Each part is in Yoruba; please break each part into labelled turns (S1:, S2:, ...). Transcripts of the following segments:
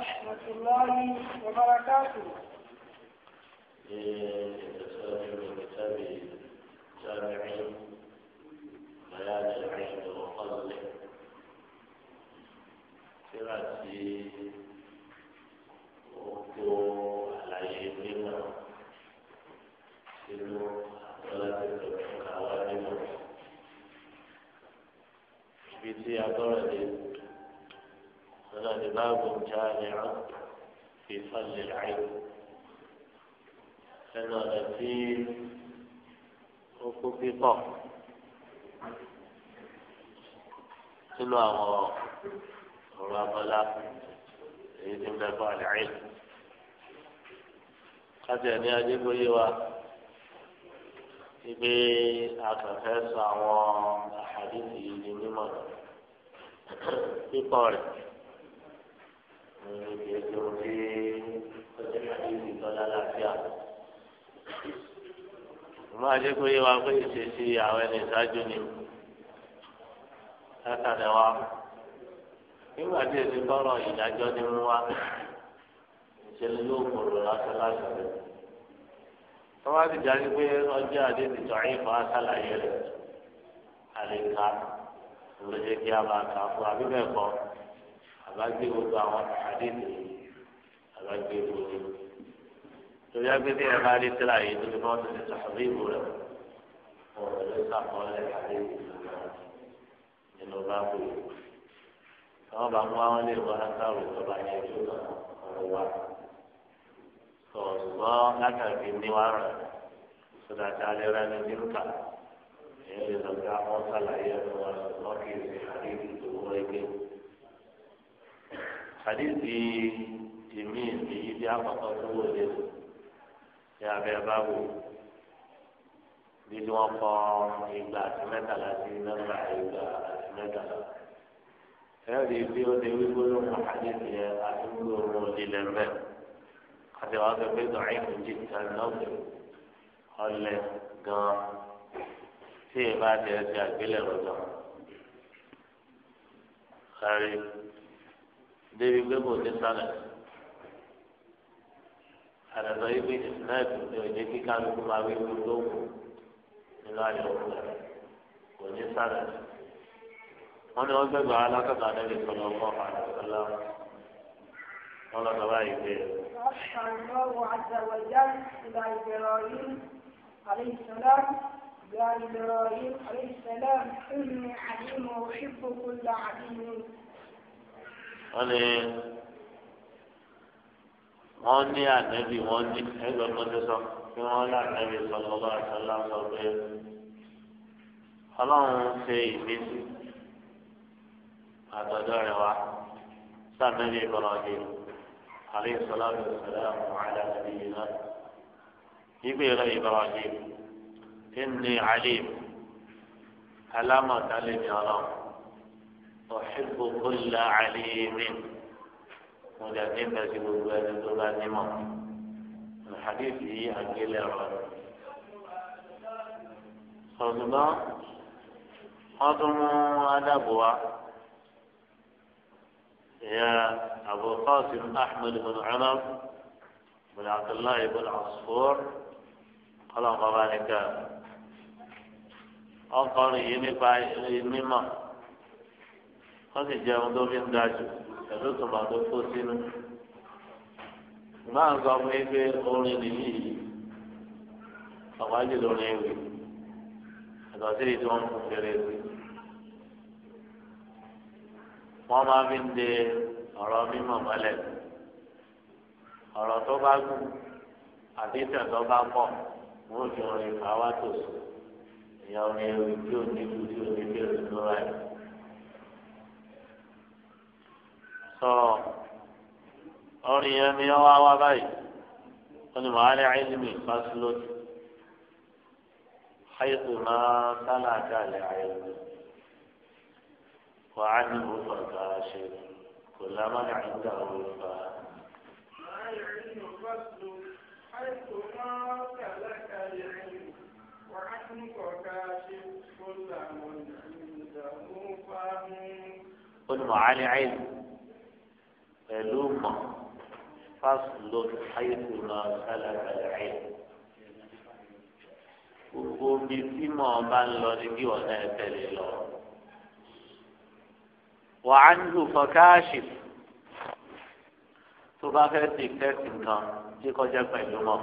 S1: ورحمة الله وبركاته
S2: جامع في فضل العلم لأن التي
S3: أكفق sínú àwọn ọ̀rọ̀ abọ́lá èyí tí ń bẹ fún
S2: àlàyé káti ẹ̀ ní adégbóyè wa ibi akẹ́kẹ́ sọ àwọn àhàdìsì yìí ní mímọ́ pípọ̀ rẹ̀. ìròyìn ètò tí máa jẹ́ pé wá pé ìṣesí àwọn ẹni ìṣáájú ni
S3: látàrí wa
S2: nígbà tí èsì tọrọ ìdájọ́ ni mú wa ìṣẹ̀lẹ̀ yóò kúrò lásán lásán rẹ̀. tọ́wá ti jáde pé ọjọ́ ti tọ́ rẹ̀ jẹ́ kí a máa kà fún abíbẹ̀ àbágbé gbogbo àwọn àdéhùn àbágbé gbogbo torí agbègbè ẹ bá rí tíra yìí tó fi wọn ti ti sàbí ìbò rẹ ọ̀rọ̀ ló sàkọọlẹ àdéhùn nínú báàbò yìí àwọn bá mú àwọn ilé ìwọ látàrí ìjọba yẹn tó ọ̀rọ̀ wa ṣùgbọ́n látàrí níwára sọdọ àti alẹ́rẹ́ ní dírúkà èyí lè lọ sí àwọn sàlàyé ẹ̀rọ wa ṣùgbọ́n kì àdéhùn tó wọlé gbé hadithi èmi èyí bí àkọ́kọ́ tó wọlé ní abẹ́ báwo bí wọ́n kọ́ ìgbà àti mẹ́tàlá sí nọ́mbà ìgbà àti mẹ́tàlá ẹ̀rí bí ó lè wí gbólóhùn hadithi yẹn àti gbólóhùn lílẹ̀ mẹ́ àti wàá fẹ́ pé dọ̀ọ́ ìlú jí ta lọ́wọ́ ọlẹ́ gan tí ìbá tẹ̀ ẹ́ ti àgbélẹ̀rọ̀ gan débi pé kò ní sálẹ̀ àdàtọ̀ yìí pé ìsìláàbù ní òye kíkà ló kó máa wí kú tó kù nínú àyè òkú rẹ̀ kò ní sálẹ̀ wọ́n ní wọ́n gbẹ́gbẹ́ alákọ̀tà àdébí sọ̀rọ̀ ọkọ̀ àdàtọ̀lá wọ́n lọ́dọ̀ báyìí pé.
S1: عليه السلام يا إبراهيم عليه السلام إني عليم وأحب كل عليم
S2: wọ́n lè wọ́n ní ànábì wọ́n ní ẹgbẹ́ mọ́tò sọ kí wọ́n ní ànábì sọ̀rọ̀ bá àtàlà sọ pé ọlọ́run ṣe ìfésì àtọ̀dọ̀ rẹ̀ wá sàmẹ́lì Ibrahim alayhi salatu wa salam ala nabiyyina ibi rẹ̀ Ibrahim inni alim alámọ̀tálẹ̀ ni ọlọ́run. أحب كل عليم ولا نبى جلوبا لدولا نمى الحديث هي أجل الرد
S3: خضبا خضموا على
S2: ابوها يا أبو قاسم أحمد بن عمر بن عبد الله بن عصفور قال ذلك أقرئ مما wọ́n sì jẹ ohun tó fi ń ga jù pẹ̀lú tòmọ̀ tó kó sínú. máa ń sọ fún yín pé orin nìyí ọ̀pá jù lórí ewì ẹ̀tọ́ sí èyí tí wọ́n ń fún fèrè sí. wọ́n máa fi ń de ọ̀rọ̀ mímọ̀ mọ́lẹ̀ ọ̀rọ̀ tó bá gùn àti ìtàn tó bá pọ̀ wọ́n fi orin kàwá ìyá orin ewì tí ó ní ju tí ó ní bí ó ti lọ́ra tọ ọrìn yẹn ni wọn wá wá báyìí wọn ni màálẹ àìlèmí fásilódì àìsàn máa sálà dàlẹ àìlèmí wà á ní gbogbo ọgá ṣe kò lámà ní àìsàn àwọn قل معاني علم pẹ̀lú mọ̀ fásilò ayélu náà sálẹ̀ pẹ̀lú ayé. Gbogbo omi tí mọ̀ bá ń lọ ní bí ọ̀nà ẹ̀tẹ̀lẹ̀ lọ. Wà á ń lù fọ́káàṣì tó bá fẹ́ ti tẹ́sì nǹkan tí kọjá pẹ̀lú mọ̀.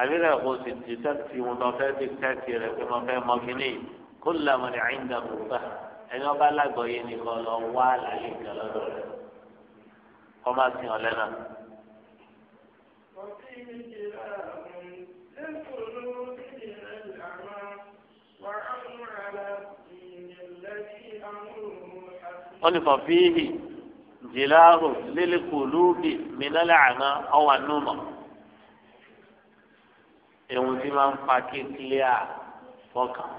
S2: Àbí rẹ̀ kò sì ti tẹ́sì wọn lọ fẹ́ ti tẹ́sì rẹ̀ pé wọ́n fẹ́ mọ kínní kó làwọn ní àyíǹda kò gbà ẹni ọba alágbọ̀ọ́yé nìkan lọ wá àlàyé ìgbà lọ́dọ̀ rẹ̀ ọmọ asin ọlẹ náà. wọ́n ní fọ̀fíìhì jìláàrò lílẹ̀kùlùbì mìlálẹ̀ àná ọwà númọ̀. ewu tí máa ń fa kíkílíà fọkàn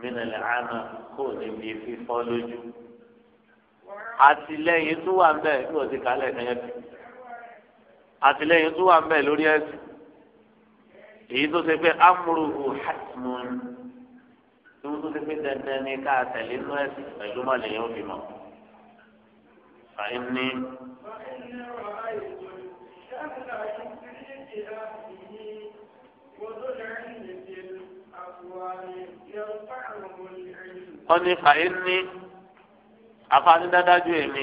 S2: mìlálẹ̀ àná kò níbi fífọ́ lójú àtìlẹ́yìn tó wà ń bẹ ní òsì kálẹ̀ kẹyẹ bí àtìlẹ́yìn tó wà ń bẹ lórí ẹ̀sìn èyí tó ṣe pé amúrúhù hàtìmùn tó tó ṣe pé dandan ní ká tẹ̀lé inú ẹ̀sìn pẹ̀lú mọ̀lẹ́yìn òbí mọ̀ fàyín wọ́n ní fàyín ní afaani dádájú èmi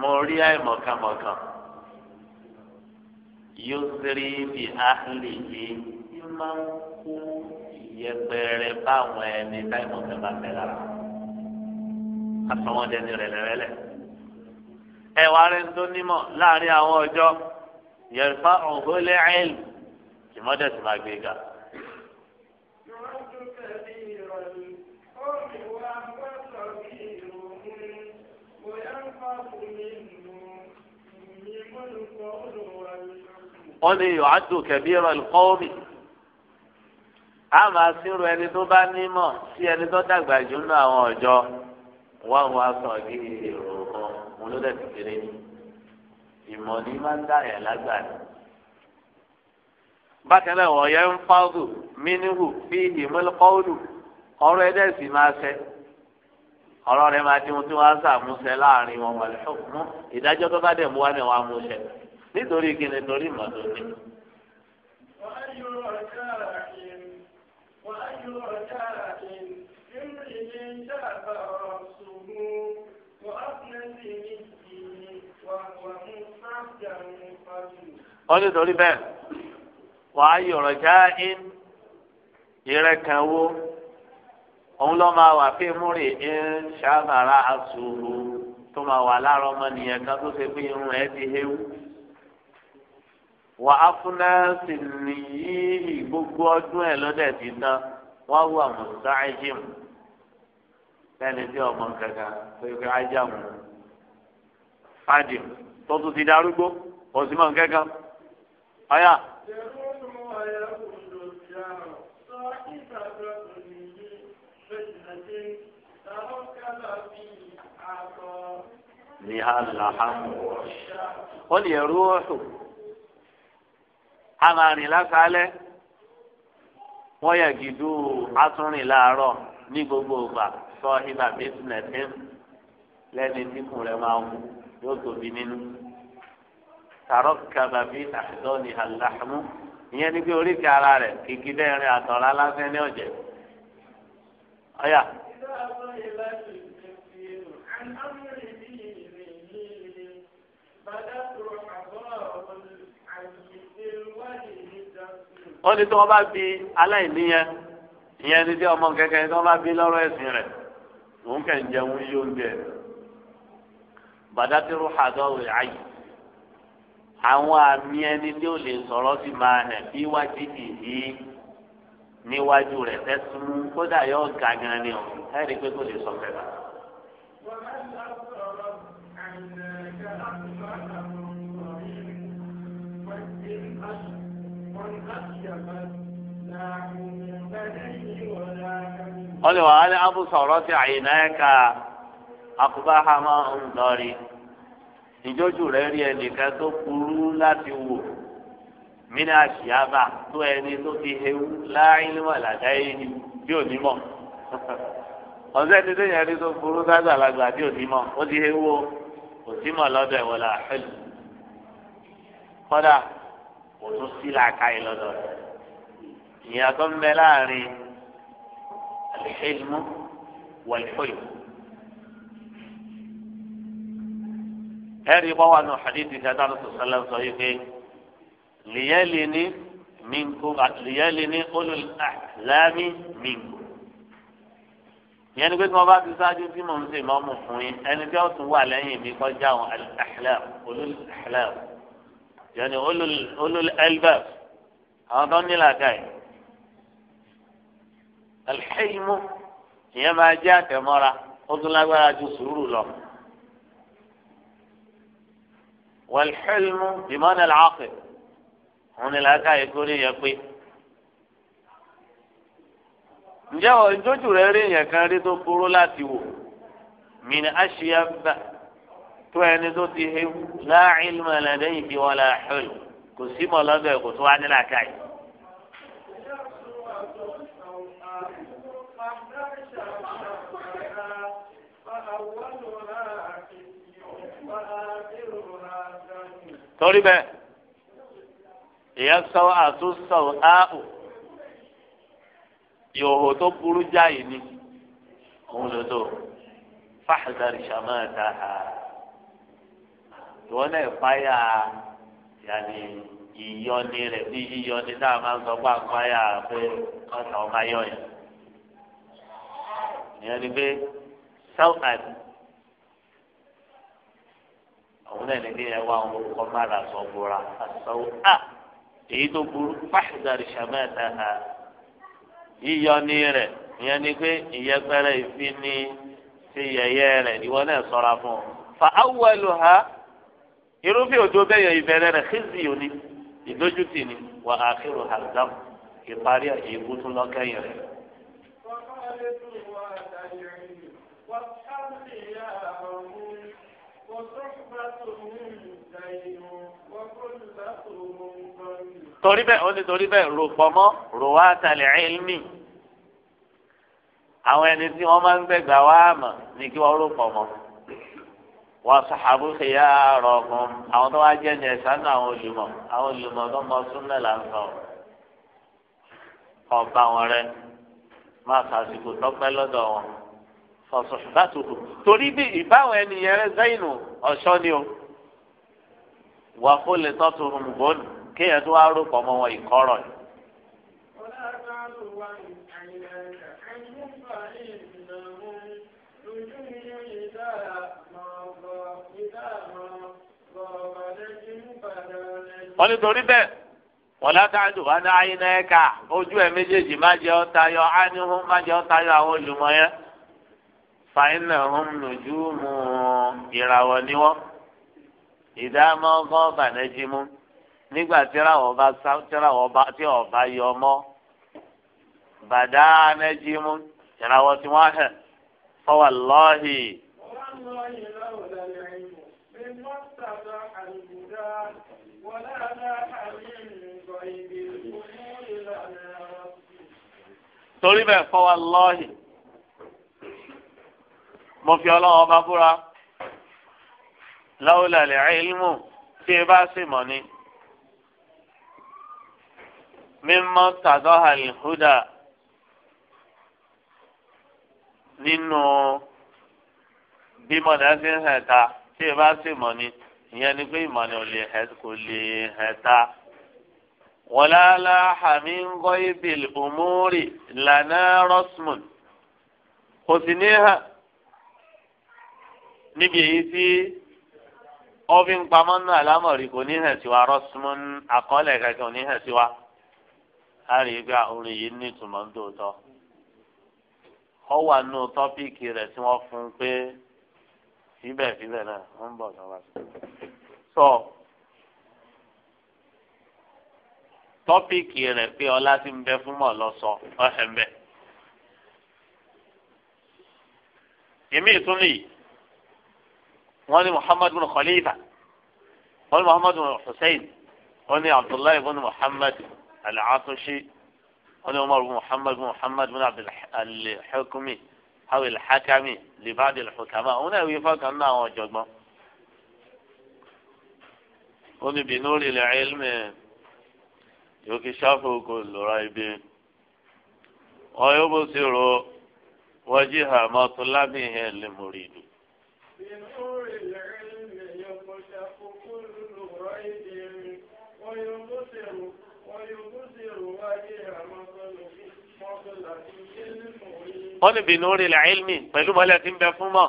S2: mo rí àìmọ̀kànmọ̀kàn yóò sẹ́rí bí áhìlì yìí
S3: yóò máa ń kó
S2: ìyẹpẹrẹ báwọn ẹni táìmọ̀kàn bá fẹ́ lára àtọwọ́dẹni rẹ̀lẹ̀rẹ̀lẹ̀ ẹ̀wà rẹ̀ ń tó nímọ̀ láàrin àwọn ọjọ́ yẹ̀rìfà ọ̀gọ́lẹ̀ ẹ̀lì tìmọ́tẹ̀sì máa gbé ga. wọ́n ní yọ̀ ádù kẹ̀bí rẹ̀ kọ́ọ̀mì. a máa sírò ẹni tó bá nímọ̀ sí ẹni tó dàgbà jù nínú àwọn ọ̀jọ́ wọ́n wá sọ ní èrò kan mo ló dẹ̀ kékeré ní. ìmọ̀ ni máa ń dàyẹ̀ lágbàdo. bákan náà wọ́n yẹ ń fáwọ́dù mínúhù fi ìmọ̀lẹ́kọ́ọ̀lù ọ̀rọ̀ ẹ̀dẹ̀ sì máa ṣẹ ọ̀rọ̀ rẹ̀ máa di ohun tí wọ́n á sàmúṣẹ láàrin wọn wọ̀lẹ́ nítorí kí torí ìmọ̀ tó wọ́n ní torí bẹ́ẹ̀ wàá yọ̀rọ̀ já in ìrẹ́ kan wo òun lọ́ máa wà fí múrì ń ṣàbàrà àṣùrù tó máa wà láàárọ̀ ọmọ nìyẹn kan tó ṣe pé irun ẹ̀ ti héwu. wà á fúnná sí nìyí gbogbo ọdún ẹ̀ lọ́dẹ̀ ti tán wọ́n wà tí ọmọ kankan ga pé ájà mú fàdìm ti darúgbó kò sí mọ̀ N'i ọ̀yà.
S1: ní alahamu
S2: wọ́n lè rú ọ̀sùn. amarin lásàálẹ̀ wọ́n yẹ gidú atúnrin láàárọ̀ ní gbogbo ìgbà sọ ibà bísínẹ̀sì lẹ́ni dínkù rẹ̀ máa wù yóò tóbi nínú. tààrọ̀ kaba bíi àdóni aláhàmú ìyẹn ní pé oríkì ara rẹ̀ kìkì dẹ́rin àtọ̀rọ̀ aláṣẹ ní ọ̀jẹ̀.
S1: ọ̀yà. بدأ ó ní tí
S2: wọ́n bi aláìní yẹn ìyẹn ní tí ọmọ kẹ̀kẹ́ tí wọ́n bi lọ́rọ̀ ẹ̀sìn rẹ̀ òun kàn jẹun yí oúnjẹ bàdátìrú àgọ́ rẹ̀ ayé àwọn àmì ẹni tí ó lè sọ̀rọ̀ sí máa hẹ̀ bí wájú ìhí níwájú rẹ̀ tẹ́sùn kódà yóò ọ̀ ẹ̀rí pé wọ́n lè wà á lé abu sọ̀rọ̀ ti àyìnà ẹ̀ ká àkùbá hama ń lọrí ìjọ́jú rẹ̀ rí ẹnìkan tó burú láti wò mínà àṣìyábà tó ẹni tó fi hewu láìlímọ̀ làdá yìí bí ò ní mọ̀ ọ̀sẹ̀ ti tẹ̀yìn ẹni tó burú sáza làgbà bí ò ní mọ̀ ó ti hewu o kò sí mọ̀ lọ́dọ̀ ẹ̀wọ̀n là ẹ̀lú kọ́dà kò tún sí làákàyè lọ́dọ̀ rẹ̀ ìyàtọ̀ ń bẹ láàrin alḥilmu wàlḥulmu. ẹ̀rí bọ́wọ́ nù xadìsí kẹta ló sọ̀rọ̀ sọ̀rọ̀ sọ yìí pé lìyẹ́lì ni minkum lìyẹ́lì ni olùl àlámì minkum. ìyẹn ni pé tí wọ́n bá ti sáájú tí mò ń sè mọ́ mu fún yín ẹni tí wọ́n tún wà lẹ́yìn mi kọjá àwọn àlám olùl àlám yẹn ni olùl albab àwọn tó ń nílò àkàyè alḥẹ́yìmọ́ ìyẹn máa jẹ́ àtẹ̀mọ́ra ó tún lágbára ju sùúrù lọ. والحلم بمعنى العقل هون الأكا يقول يقوي ǹjẹ́ ọ ìjójú rẹ rí èèyàn kan rí tó burú láti wò min aṣíyàbà tó ẹni tó ti hewu la ilma ladayhi wala hulm kò sí mọ̀ ẹ̀ kò tó wá nílà káyìí. torí bẹ́ẹ̀ ìyá sọ́wọ́ àtúnṣọ́wọ́ áàpù ìhòòhò tó burú jáì ni òun ló tó fàḥdàrí sàmáàtà ha ìwọ náà fáyà yàní ìyọni rẹ bí ìyọni náà máa ń sọ pé àpáyà pé yẹn ìyẹn ni pé sọ́wọ́ àwọn náà ní bíi ẹwà àwọn olùkọ́ mára sọ bóra àtàwọn a èyí tó burú fáṣítàrí sàmẹ́ta ha yíyọ ní rẹ̀ ìyẹn ni pé ìyẹpẹrẹ ìfín ní ti yẹyẹ rẹ̀ ìwọ náà ṣọ́ra fún ọ. fa awọ́lu ha irúfẹ́ òjò bẹ́yẹ ìbẹ̀rẹ̀ rẹ̀ xizì òní ìdójútì ni wà á kírun àgbà ìparí ìbùtún lọ́kẹ́yìn rẹ̀. torí bẹ́ẹ̀ ó ní torí bẹ́ẹ̀ rò pọ̀mọ́ rò wá àtàlẹ̀ ẹ̀lmì àwọn ẹni tí wọ́n máa ń gbẹ̀gbà wá àmọ̀ ní kí wọ́n rò pọ̀mọ́ wọ́n sàbù fìyà rọ̀ fún àwọn tó wá jẹ́ ní ẹ̀sán náà àwọn olùmọ̀ àwọn olùmọ̀ tó mọ súnmọ́ là ń sọ ọba wọn rẹ má sàṣìkò tọ́pẹ́ lọ́dọ̀ wọn fọ̀sọ̀fọ̀bátòkò torí bí ìbáwọn ẹnìyẹn rẹ zẹ́yìn ọ̀ṣọ́ ni o wà kó lè tọ́tù ọmọbọ́ọ̀lù kéèyàn tó wá rò pọ̀ mọ́ wọn ìkọ́rọ̀ yìí. wọ́n ní torí bẹ́ẹ̀ wọ́n látàdù wọn ní ayé ẹ̀ka ojú ẹ̀ méjèèjì má jẹ́ ọ́ tayọ ánìhùn má jẹ́ ọ́ tayọ àwọn olùmọ̀ yẹn fàyínà hàn lójú mu ìràwọ̀ ni wọ́n ìdámọ́ gán bànẹ́jì mú nígbà tíráwọ̀ bá sá tíráwọ̀ bá tí ọ̀bá yọ ọmọ bàdá mú ìràwọ̀ tí wọ́n hẹ̀ fọwọ́ lọ́ọ̀hì. torí bẹ́ẹ̀ fọwọ́ lọ́ọ̀hì mo fi ọlọ́wọ́ bá búra láwùlà lè rí ilmu tí ẹ bá sì mọ̀ ni. mímọ́ tàdọ́ àlìhúdà nínú bímọ dá sí ń hẹ̀ tí ẹ bá sì mọ̀ ni ìyẹn ni pé ìmọ̀ ni kò lè hẹ̀ ta. ولا لاح من غيب الأمور لنا رسم خذنيها níbi èyí tí ọbí ń pamọ́ náà àlámọ̀rí kò ní hẹ̀ sí wa rọ́sùmọ́ àkọọ́lẹ̀ kankan ò ní sí wa a rí i orin yìí ní ìtumọ̀ ọ wà nù tọ́píìkì rẹ̀ tí wọ́n fún un pé síbẹ̀síbẹ̀ náà wọ́n ń bọ̀ sọ tọ́píìkì rẹ̀ pé ọlá ti واني محمد بن خليفة واني محمد بن حسين واني عبد الله بن محمد العطشي واني عمر بن محمد بن محمد بن عبد الحكم او الحكم لبعض الحكماء هنا يفاق انه وجود واني بنور العلم يكشف كل ريب ويبصر وجه مطلبه المريد
S1: بنور العلم يكشف كل ريب ويبصر ويبصر وجه مخلوق wọ́n ní
S2: bìnnúrí làílmì pẹ̀lú mọ́lẹ̀ tí ń bẹ fún mọ́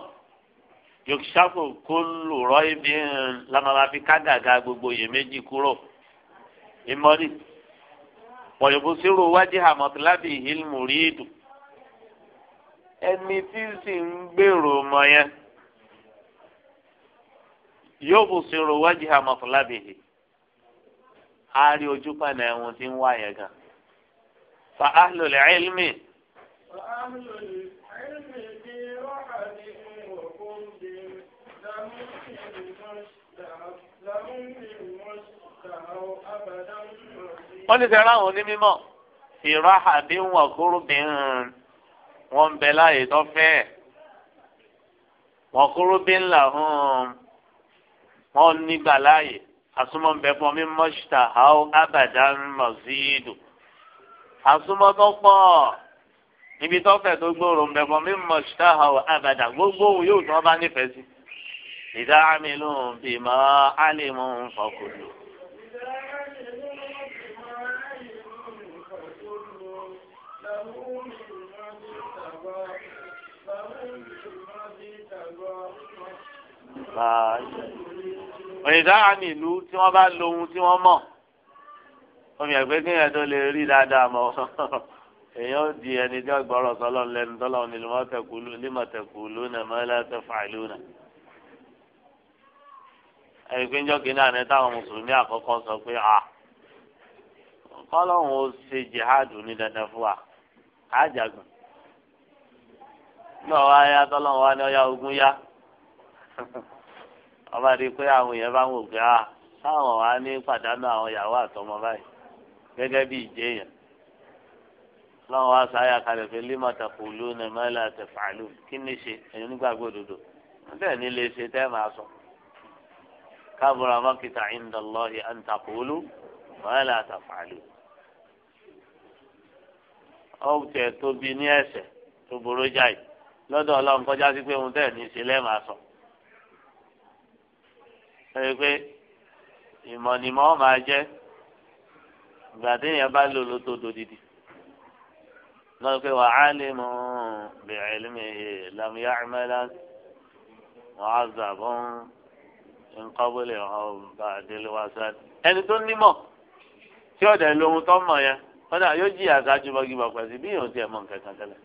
S2: yòkṣàpò kó lùrọ́ ibi lamara fi kágàga gbogbo iyèméjì kúrò ìmọ̀lì pọ̀yọ̀bù sírò wájú hàmọ́tìlábì ìhìlmù rí ìdù ẹni tí sì ń gbèrò mọ́ yẹn yóò bù sírò wájú àmọ̀tòlábìhì á rí ojú pẹ̀lú ẹ̀hún tí ń wá yẹn gan. fa ahlul ilmi.
S1: fa ahlul ilmi bí rọ́ọ̀dì ìwọ̀kùn bí lámú wọ́n ní sẹ́ra àwọn
S2: onímọ̀ ìrọ̀ àbí wọn kúrú wọn bẹ láàyè tó fẹ́ wọn kúrú bí ńlá hùn wọn nígbà láàyè àsúmọ̀ ń bẹ fún mi mọ́ṣítà àwọn abadan mọ̀síìdù àsúmọ̀ tó pọ̀ ibi tó fẹ̀ tó gbòòrò ń bẹ fún mi mọ́ṣítà àwọn abadan gbogbo òun yóò tún ọba nífẹ̀ẹ́ sí. ìdá àmìlú bímọ àlìmú fọkùlù. Bye. òyìnbá àmì ìlú tí wọ́n bá lo ohun tí wọ́n mọ̀ omi ẹ̀gbẹ́ kéèyàn tó lè rí dáadáa mọ́ èèyàn di ẹni tí wọ́n gbọ́rọ̀ sọ́lọ́ lẹ́nu tọ́lọ́ ní límọ̀tẹ̀kùlù náà mọ́lẹ́tẹ̀fàlùnà. ẹ̀rí pé njọ́ kínní àná táwọn mùsùlùmí àkọ́kọ́ sọ pé à kọ́lọ́hún ó ṣe jihad ní dandan fún wa àjàgùn. nígbà wá yá ogun yá. ọba di pé àwọn èèyàn bá ń wò pé a ah, táwọn wá ní pàdánù àwọn ìyàwó àtọmọ báyìí gẹ́gẹ́ bí ìjẹyàn lọ́wọ́ wa sáyà kalẹ̀ pé lima tàkùlù ní mẹ́lá tẹ̀fàlù kí ni ṣe ẹ̀yin nígbàgbọ́ òdodo bẹ́ẹ̀ ni lè ṣe tẹ́ máa sọ kábùrà mọ́kìtà ìndàlọ́hì àǹtàkùlù mẹ́lá tẹ̀fàlù. ọ̀tẹ̀ tóbi ní ẹ̀ṣẹ̀ tó burú jáì lọ́dọ̀ ọlọ́run kọjá sí pé òun tẹ̀ ní ṣe lẹ́ẹ̀ máa sọ ẹ pé ìmọ̀ ni mọ́ máa jẹ́ ìgbà téèyàn bá lò ló tó dodidi lọ́wọ́ pé wà á lè mú bẹ̀rẹ̀ lẹ́mí lamíyá ẹ̀mẹ́lá wọ́n á zàbọ̀ nkọ́bọ̀lẹ̀ ọba àdéléwàsá ẹni tó nímọ̀ tí ọ̀dẹ̀ lóhun tó mọ̀ yẹn kọ́dà yóò jí àgájú bọ́gìbọ̀ pẹ̀sì bí yóò tiẹ̀ mọ̀ nǹkan tẹ́lẹ̀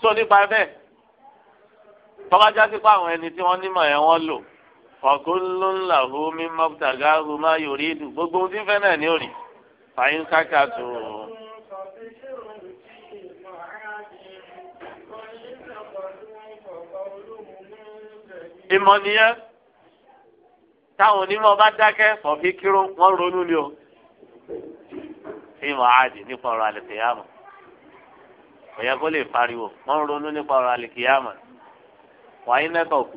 S2: sọ nípa bẹ́ẹ̀ tọ́bajá sí pé àwọn ẹni tí wọ́n nímọ̀ yẹn wọ́n lò fọkúlù ńlá hu mi mọ́tàgá hu má yòrí dù gbogbo ohun tí ń fẹ́ náà ní òrì fàyín káka tó. ìmọ̀ nìyẹn táwọn onímọ̀ bá dákẹ́ fọ̀fí kíró wọ́n ronú ni o ìmọ̀ àdì nípa ọ̀rọ̀ àlìkìyàmọ̀ kò yẹ kó lè pariwo wọ́n ronú nípa ọ̀rọ̀ àlìkìyàmọ̀ wàá iná kọ̀ọ̀kù.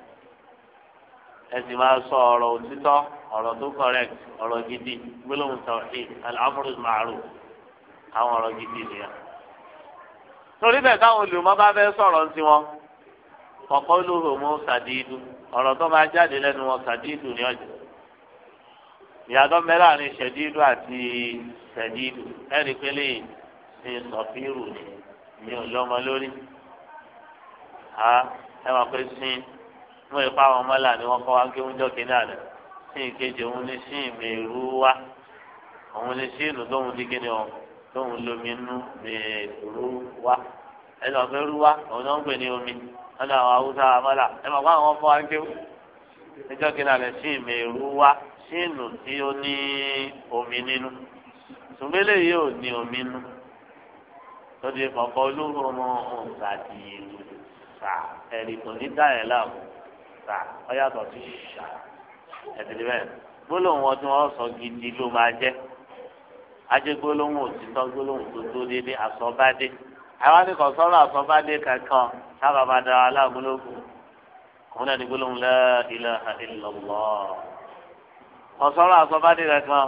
S2: ẹsìn máa sọ ọ̀rọ̀ òtítọ́ ọ̀rọ̀ tó correct ọ̀rọ̀ gidi gbólóhùn tawhid al-amru ma'ruf àwọn ọ̀rọ̀ gidi nìyẹn. torí bẹ́ẹ̀ táwọn olùmọ̀ bá fẹ́ sọ̀rọ̀ sí wọn kọ̀kọ́ lóhùn mú sàdídù ọ̀rọ̀ tó máa jáde lẹ́nu wọn sàdídù ní ọ̀jọ̀. ìyàtọ̀ mẹ́rin àárín ṣẹ̀dídù àti sẹ̀dídù ẹ̀rí pélé ní sọ̀fírù ní ọ̀lọ́mọ lórí. ẹ máa pẹ́ sin wọn ìpa àwọn ọmọlà ni wọn kọ wá gé oúnjẹ kínní àná sí ìkejì òun ní sí ìmèrú wá òun ní sí ìlú tóun di kínní ọ tóun lomi inú mèrú wá ẹni ọ̀fẹ́ rú wá òun náà ń pè ní omi ọ̀nà àwọn haúsá ọmọlà ẹ mọ̀ fún àwọn ọmọ wa ń kéwù níjọ́ kínní àná sí ìmèrú wá sí ìlú tí ó ní omi nínú tùmílẹ̀ yìí ò ní omi nínú lọ́dún ìfọ̀kọ́ olóhùn ọmọ ọ̀hún ṣàtìyẹ̀ sà ọyàtọ̀ sí sà ẹ̀dẹ̀dẹ̀ bẹ́ẹ̀ gbólóhùn wọn tí wọ́n sọ gidi ló máa jẹ́ ajé gbólóhùn òtítọ́ gbólóhùn tó tó déédéé àsọ̀bádé àwọn akẹ́kọ̀ọ́ sọ́rọ̀ àsọ̀bádé kankan sábà máa dára aláàgbólógún òun náà ní gbólóhùn la ilaha illallah ọ̀sọ́rọ̀ àsọ̀bádé kankan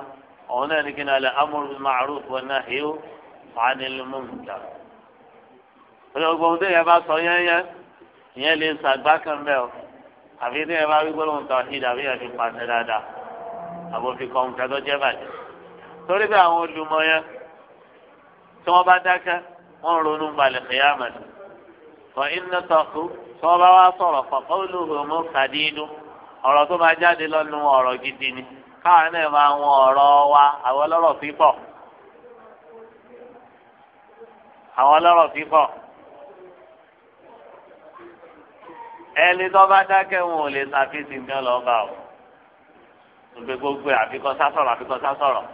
S2: òun náà ní kí náà lè amúrú màrúf wọn náà híw fàánilmùnkà olùgbòhùn tó yẹ bá sọ yẹn ìyẹn lè sàgbá kan bẹ́ẹ̀ o àfi ní ẹ bá wí gbólóhùn tó ìdá àbí ẹ fi pàṣẹ dáadáa àbò fi kọ́ nǹkan tó jẹ́ bàjẹ́ torí pé àwọn olùmọ̀ yẹn tí wọ́n bá dákẹ́ wọ́n ronú balẹ̀ kìyàmà ni wọ́n iná tọ́kù tí wọ́n bá wá sọ̀rọ̀ kọ̀ọ̀kan olùhùnmú kàdínú ọ̀rọ̀ tó máa jáde lọ́nu ọ̀rọ̀ gidi ni káwọn náà máa wọn ọ̀rọ̀ wa àwọn ọlọ́rọ̀ fífọ̀. ẹni tó bá dákẹ́ wọn ò lè ṣàfihàn nǹkan lọ bá o gbogbo gbogbo àfikọ́ sásọ̀rọ̀ àfikọ́ sásọ̀rọ̀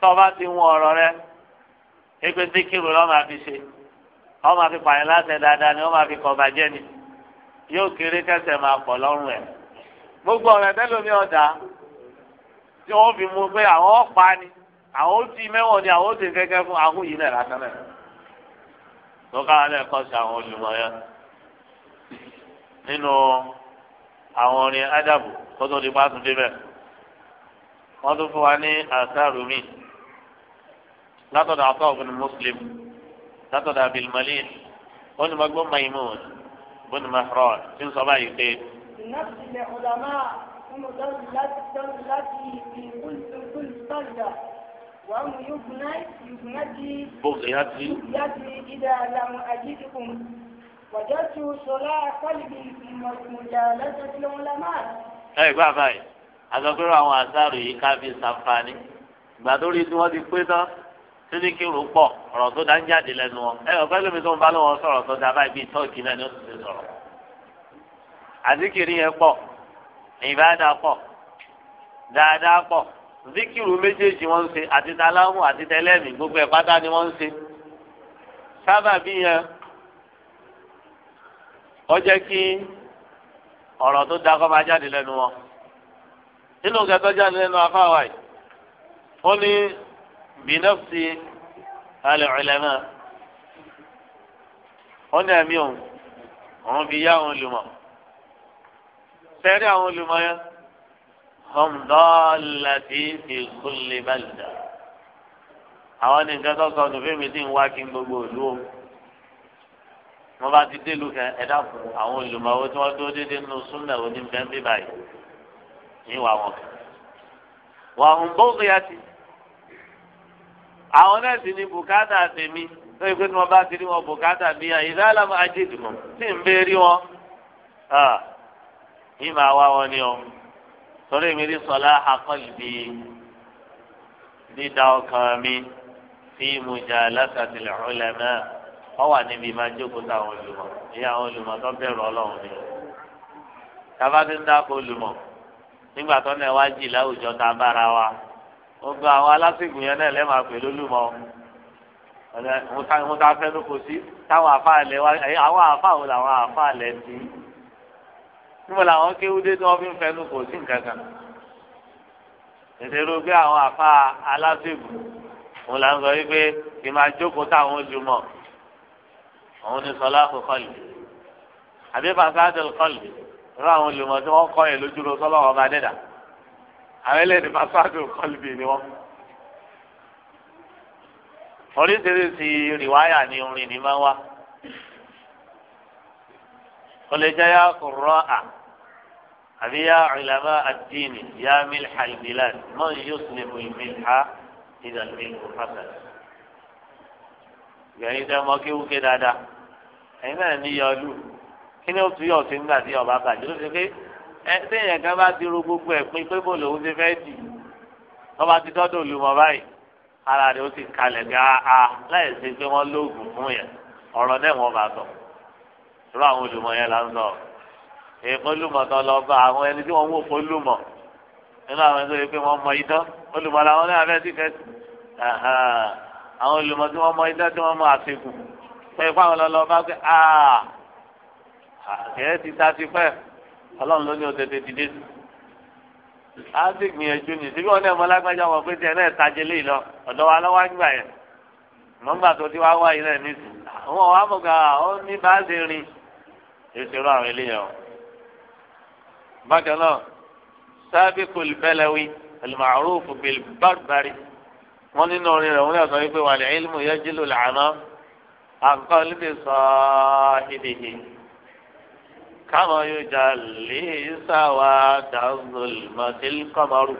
S2: tó bá ti wọn ọ̀rọ̀ rẹ ẹgbẹ́ díkìrù lọ́ máa fi ṣe wọ́n máa fi pààyàn láṣẹ dáadáa ni wọ́n máa fi kọ̀ bàjẹ́ ni yóò kéré kẹsẹ̀ máa pọ̀ lọ́rùn ẹ̀ gbogbo ọ̀rẹ́ tẹ́lómi ọ̀dà tí wọ́n fi mú pé àwọn ọ̀pá ni àwọn ó ti mẹ́wọ̀n ni àwọn ó ti kẹ́kẹ́ fún ahùn yìí náà látọ̀ náà tó káwọn náà sí àwọn olùmọ̀ yẹn nínú àwọn orin ádàbò kótó di bá tún débẹ̀ wọ́n tún fún wa ní àṣàrò mi látọ̀dọ̀ àtọ̀ bin Muslim látọ̀dọ̀ Abil Malik ó ní magbó Maimun bin Mahran tí ń sọ báyìí pé.
S1: nafsi le ulama mudallati dallati fi kulli kulli yá ti. وجدت صلاة قلبي في مجالسة العلماء
S3: ẹ gbà báyìí
S2: àgbàgbérò àwọn àṣàrò yìí ká fi ṣàǹfààní ìgbà tó rí tí wọ́n ti pé tán tí ní kí irun pọ̀ ọ̀rọ̀ tó dá ń jáde lẹ́nu wọn ẹ ọ̀pẹ́ lómi tó ń bá lọ́wọ́ sọ̀rọ̀ tó dá báyìí bíi náà ni ó ti sọ̀rọ̀ àdìkìrì yẹn pọ̀ ìbáàdà pọ̀ dáadáa pọ̀ zikiru méjèèjì wọ́n ń ṣe àti talámù àti tẹlẹ́mì gbogbo ẹ̀ pátá ni wọ́n ń ṣe sábàbí yẹn ó jẹ́ kí ọ̀rọ̀ tó da kọ́ máa jáde lẹ́nu wọn nínú kẹtọ́ jáde lẹ́nu afáwa yìí ó ní bínọ́fsì al-ulama ó ní ẹ̀mí òun òun fi yá àwọn olùmọ̀ sẹ́rí àwọn olùmọ̀ yẹn hàmdọ́ọ̀làtì fi kulli balda àwọn nìkan tó sọ ọdún tí ń wá kí n gbogbo òlu òun wọn bá ti dé lukẹ ẹ dàpọ àwọn olùmọwé tí wọn dúró déédéé nínú súnà òní bẹńbí báyìí ní ìwà wọn. wà ń bó kìyà sí àwọn náà sì ní bùkátà tèmi lórí pé tí wọn bá ti rí wọn bùkátà bí i ìdá àlámọ ajídùmọ tí ń bẹ rí wọn yìí máa wá wọn ni ọ torí mi rí sọlá àkọlùbí dídá ọkàn mi fi mùjà lásàtìlẹ ọlẹmọ ọwà níbi máa jókòó táwọn olùmọ̀ ìyá àwọn olùmọ̀ tó bẹ̀rù ọlọ́run ni tábà ti ń dáko olùmọ̀ nígbà tó náà wá jì láwùjọ tá a bára wa gbogbo àwọn alásìkò yẹn náà lẹ́ẹ̀ máa pè lólùmọ̀ mo ta fẹ́ ló kò sí táwọn àfáàlẹ̀ wa àwọn àfáàwò làwọn àfáàlẹ̀ ti níbo làwọn kéwúdé tí wọ́n fi ń fẹ́ ló kò sí nǹkan kan ìṣèlú gbé àwọn àfa alásìkò mo là ń sọ wípé kì máa jókòó táwọn olùmọ̀ òun ni sọláàkù kọlì àbí fasadil kọlì rọ àwọn olùmọ̀ tí wọ́n kọ́ yẹn lójúro sọlọ́wọ́ ọba dẹ́dà àwọn ẹlẹ́ni fasadil kọlì ni wọ́n. oríṣiríṣi rìwáyà ni orin ni máa ń wá ó lè jẹ́ yá kúrọ́ à àbí yá ìlànà àdínì yá mílíọ̀nù bilad mọ́ yóò sinmi ìmìlá ìdàlùmí kò fásitì yẹ̀yin tẹ́ mọ kéwúké dáadáa ẹ̀yin náà ní yọ ọdún kí ni ó tún yọ̀ sí nígbà tí ọba bàjẹ́ ló ṣe pé ẹ sẹ́yìn kan bá ti ro gbogbo ẹ̀ pin pé bò lòun ṣe fẹ́ dì ọba ti dọ́dọ̀ olùmọ̀ báyìí ara rẹ̀ ó ti kalẹ̀ gáà láì ṣe pé wọ́n lóògùn fún yẹn ọ̀rọ̀ náà wọ́n bá sọ irú àwọn olùmọ̀ yẹn là ń sọ èèpọ̀ tó lọ bá àwọn ẹni tí wọ́n wò fún nínú àwọn ẹni tó yẹ pé wọ́n mọ idán olùmọ̀ làwọn náà fẹ́ sí kẹ́sì àwọn olùmọ̀ tí wọ́n mọ idán tí wọ́n mọ àṣekù pé fáwọn lọ́lọ́ bá pé aa àṣẹ ti ta ti pẹ́ ọlọ́run ló ní o tètè dìde sí. a sì gbìyànjú ní síbí wọn náà mọ lágbájá wọn pé tiẹ̀ náà tajẹ lé lọ ọ̀dọ̀ wa lọ́wọ́ àgbà yẹn nọ́mbà tó ti wá wá yìí ní sùn àwọn ọ̀wá mọ̀gà ó ní bá ṣe rin ìṣòro àwọn eléyàn. bákan náà sábẹ́ kò lè bẹ́lẹ̀ wí al-ma'ruf bil-barbari wọn nínú orin rẹ̀ wọn yà sọ wípé wàlẹ ilmu yajilu làánà àkọọlẹ bí sọ ìdìhì kama yóò jà lè sáwà dàzul mọtìl kọmọrù.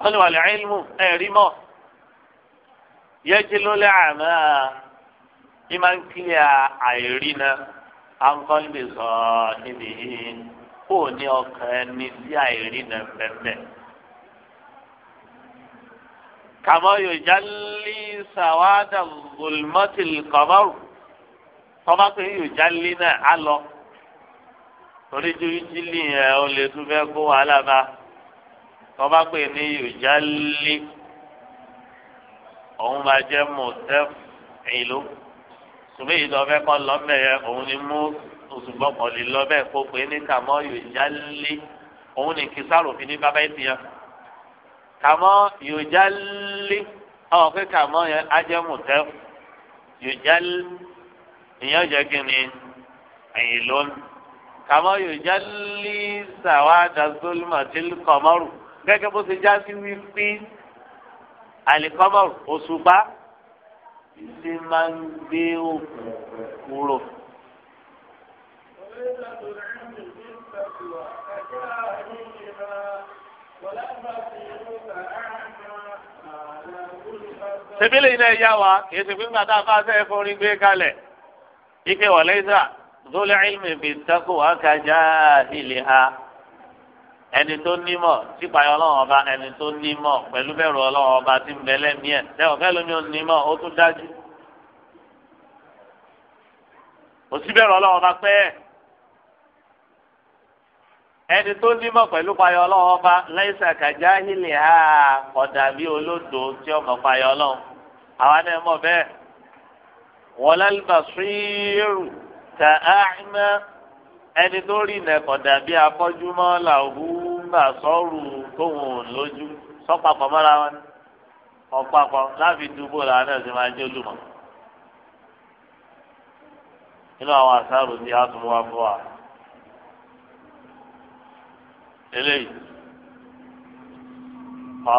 S1: wọ́n ní wàlẹ̀ ilmu
S2: ẹ̀rí mọ́ yẹ́jì ló lẹ́ ìmọ̀ ń kílíà àìrí na àǹkọ́lì sọ níbi yìí kò ní ọkàn ẹni sí àìrí na pẹ́pẹ́. kàmọ́ yòjálí sàwádà gòlmọ́tìlì kọ́mọ́rù tọ́ba pé yòjálí náà á lọ torí jújílì yẹn ó lè tún fẹ́ kó wàhálà bá tọ́ba pé ní yòjálí òun máa jẹ́ mọ̀tẹ́fù ìlú ṣùgbọ́n èyí lọ fẹ́ kọ́ lọ bẹ́ẹ̀ yẹn òun ni mú òṣùgbọ́n kan lè lọ bẹ́ẹ̀ kó pé ní kàmọ́ yóò jálé òun ni kìsàrò fi ní bábá ìtìyàn kàmọ́ yóò jálé ọ̀ pé kàmọ́ yẹn ajẹ́mùtẹ́ yóò jálé ìyẹn jẹ́ kí ni ẹ̀yìn lónìí kàmọ́ yóò jálé sàwádà zolmọ̀tì kọ̀mọ́rù gẹ́gẹ́ bó ṣe já sí wípé àlìkọ́mọ́rù òṣùpá ṣe máa ń gbé òkun kúrò. sebílẹ̀ iná ẹ̀yà wa kì í ṣe pé gbàdá bá fẹ́ forin gbé kalẹ̀ ike wọlé ìdá zoli ilmi bi tako akaja ilé ha ẹni tó nímọ̀ tí payọ̀ ọlọ́run ọba ẹni tó nímọ̀ pẹ̀lú bẹ̀rù ọlọ́run ọba tí ń bẹ lẹ́mí ẹ̀ lẹ́wọ̀n fẹ́ lómi ò nímọ̀ ó tún dájú. kò sí bẹ̀rù ọlọ́run ọba pẹ́ ẹ̀ ẹni tó nímọ̀ pẹ̀lú payọ̀ ọlọ́run ọba lẹ́sà kàjá hílẹ̀ ha ọ̀dà bí olódò tí ọmọ payọ̀ ọlọ́run àwa náà mọ̀ bẹ́ẹ̀ wọ́n lálùbà sírù tà ẹni tó rí nẹ̀kọ̀ dàbí afọ́jú mọ́ làwù gbà sọ́ọ̀rù tóun ò lójú sọ́pàpọ̀ mọ́ra wọn ọ̀pàpọ̀ láfi dúbò làwọn ẹ̀sìn máa jẹ́ olùmọ̀ nínú àwọn àṣàrò tí a tún wá fún wa eléyìí ọ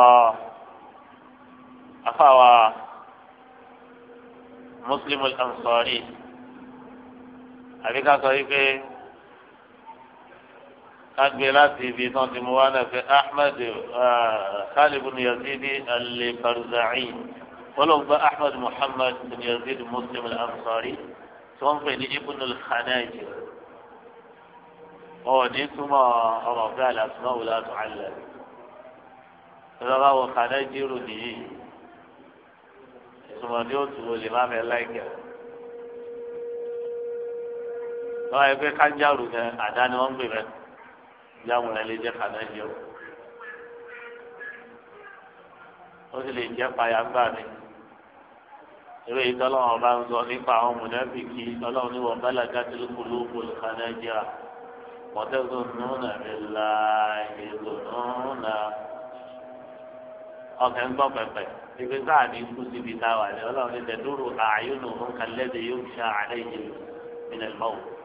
S2: afáwa Muslim al àbíká sọ yìí pé agbe láti ibi náà ti mú wá náà fẹ ahmed khalid bin yazid al-barzai olóògbé ahmed muhammad bin yazid muslim al-ansari tí wọn fẹ ní ibn al-khanaji ọ ní túmọ̀ ọmọ ọ̀gá àlàsùnà wò látọ̀ àlẹ́ lọ́wọ́ wọ khanaji rò nìyí ìtumọ̀ ní òtún olè má láìkẹ́ lọ́wọ́ ẹgbẹ́ kájàrú gan àdáni wọ́n gbé bẹ́ẹ̀ ìjáàmù rẹ lè jẹ́ kànáàjì o ó sì lè jẹ́ payà ńgbà mi ìwé ìtọ́lọ́wọ́n bá ń sọ nípa àwọn mùnàfíkì ọlọ́run ní wọ́n bálá gátìlúkú ló kó kànáàjì à mọ̀tẹ́sọ̀ nùnà mi là èso nùnà ọkẹ́ ń gbọ́ pẹ̀pẹ̀ ibi sáà ní kú síbi táwa ni ọlọ́run ní tẹ̀dúró àyùnú nǹkan lẹ́dẹ̀ẹ́ yóò ṣe àlẹ́ yìí nínú ẹ̀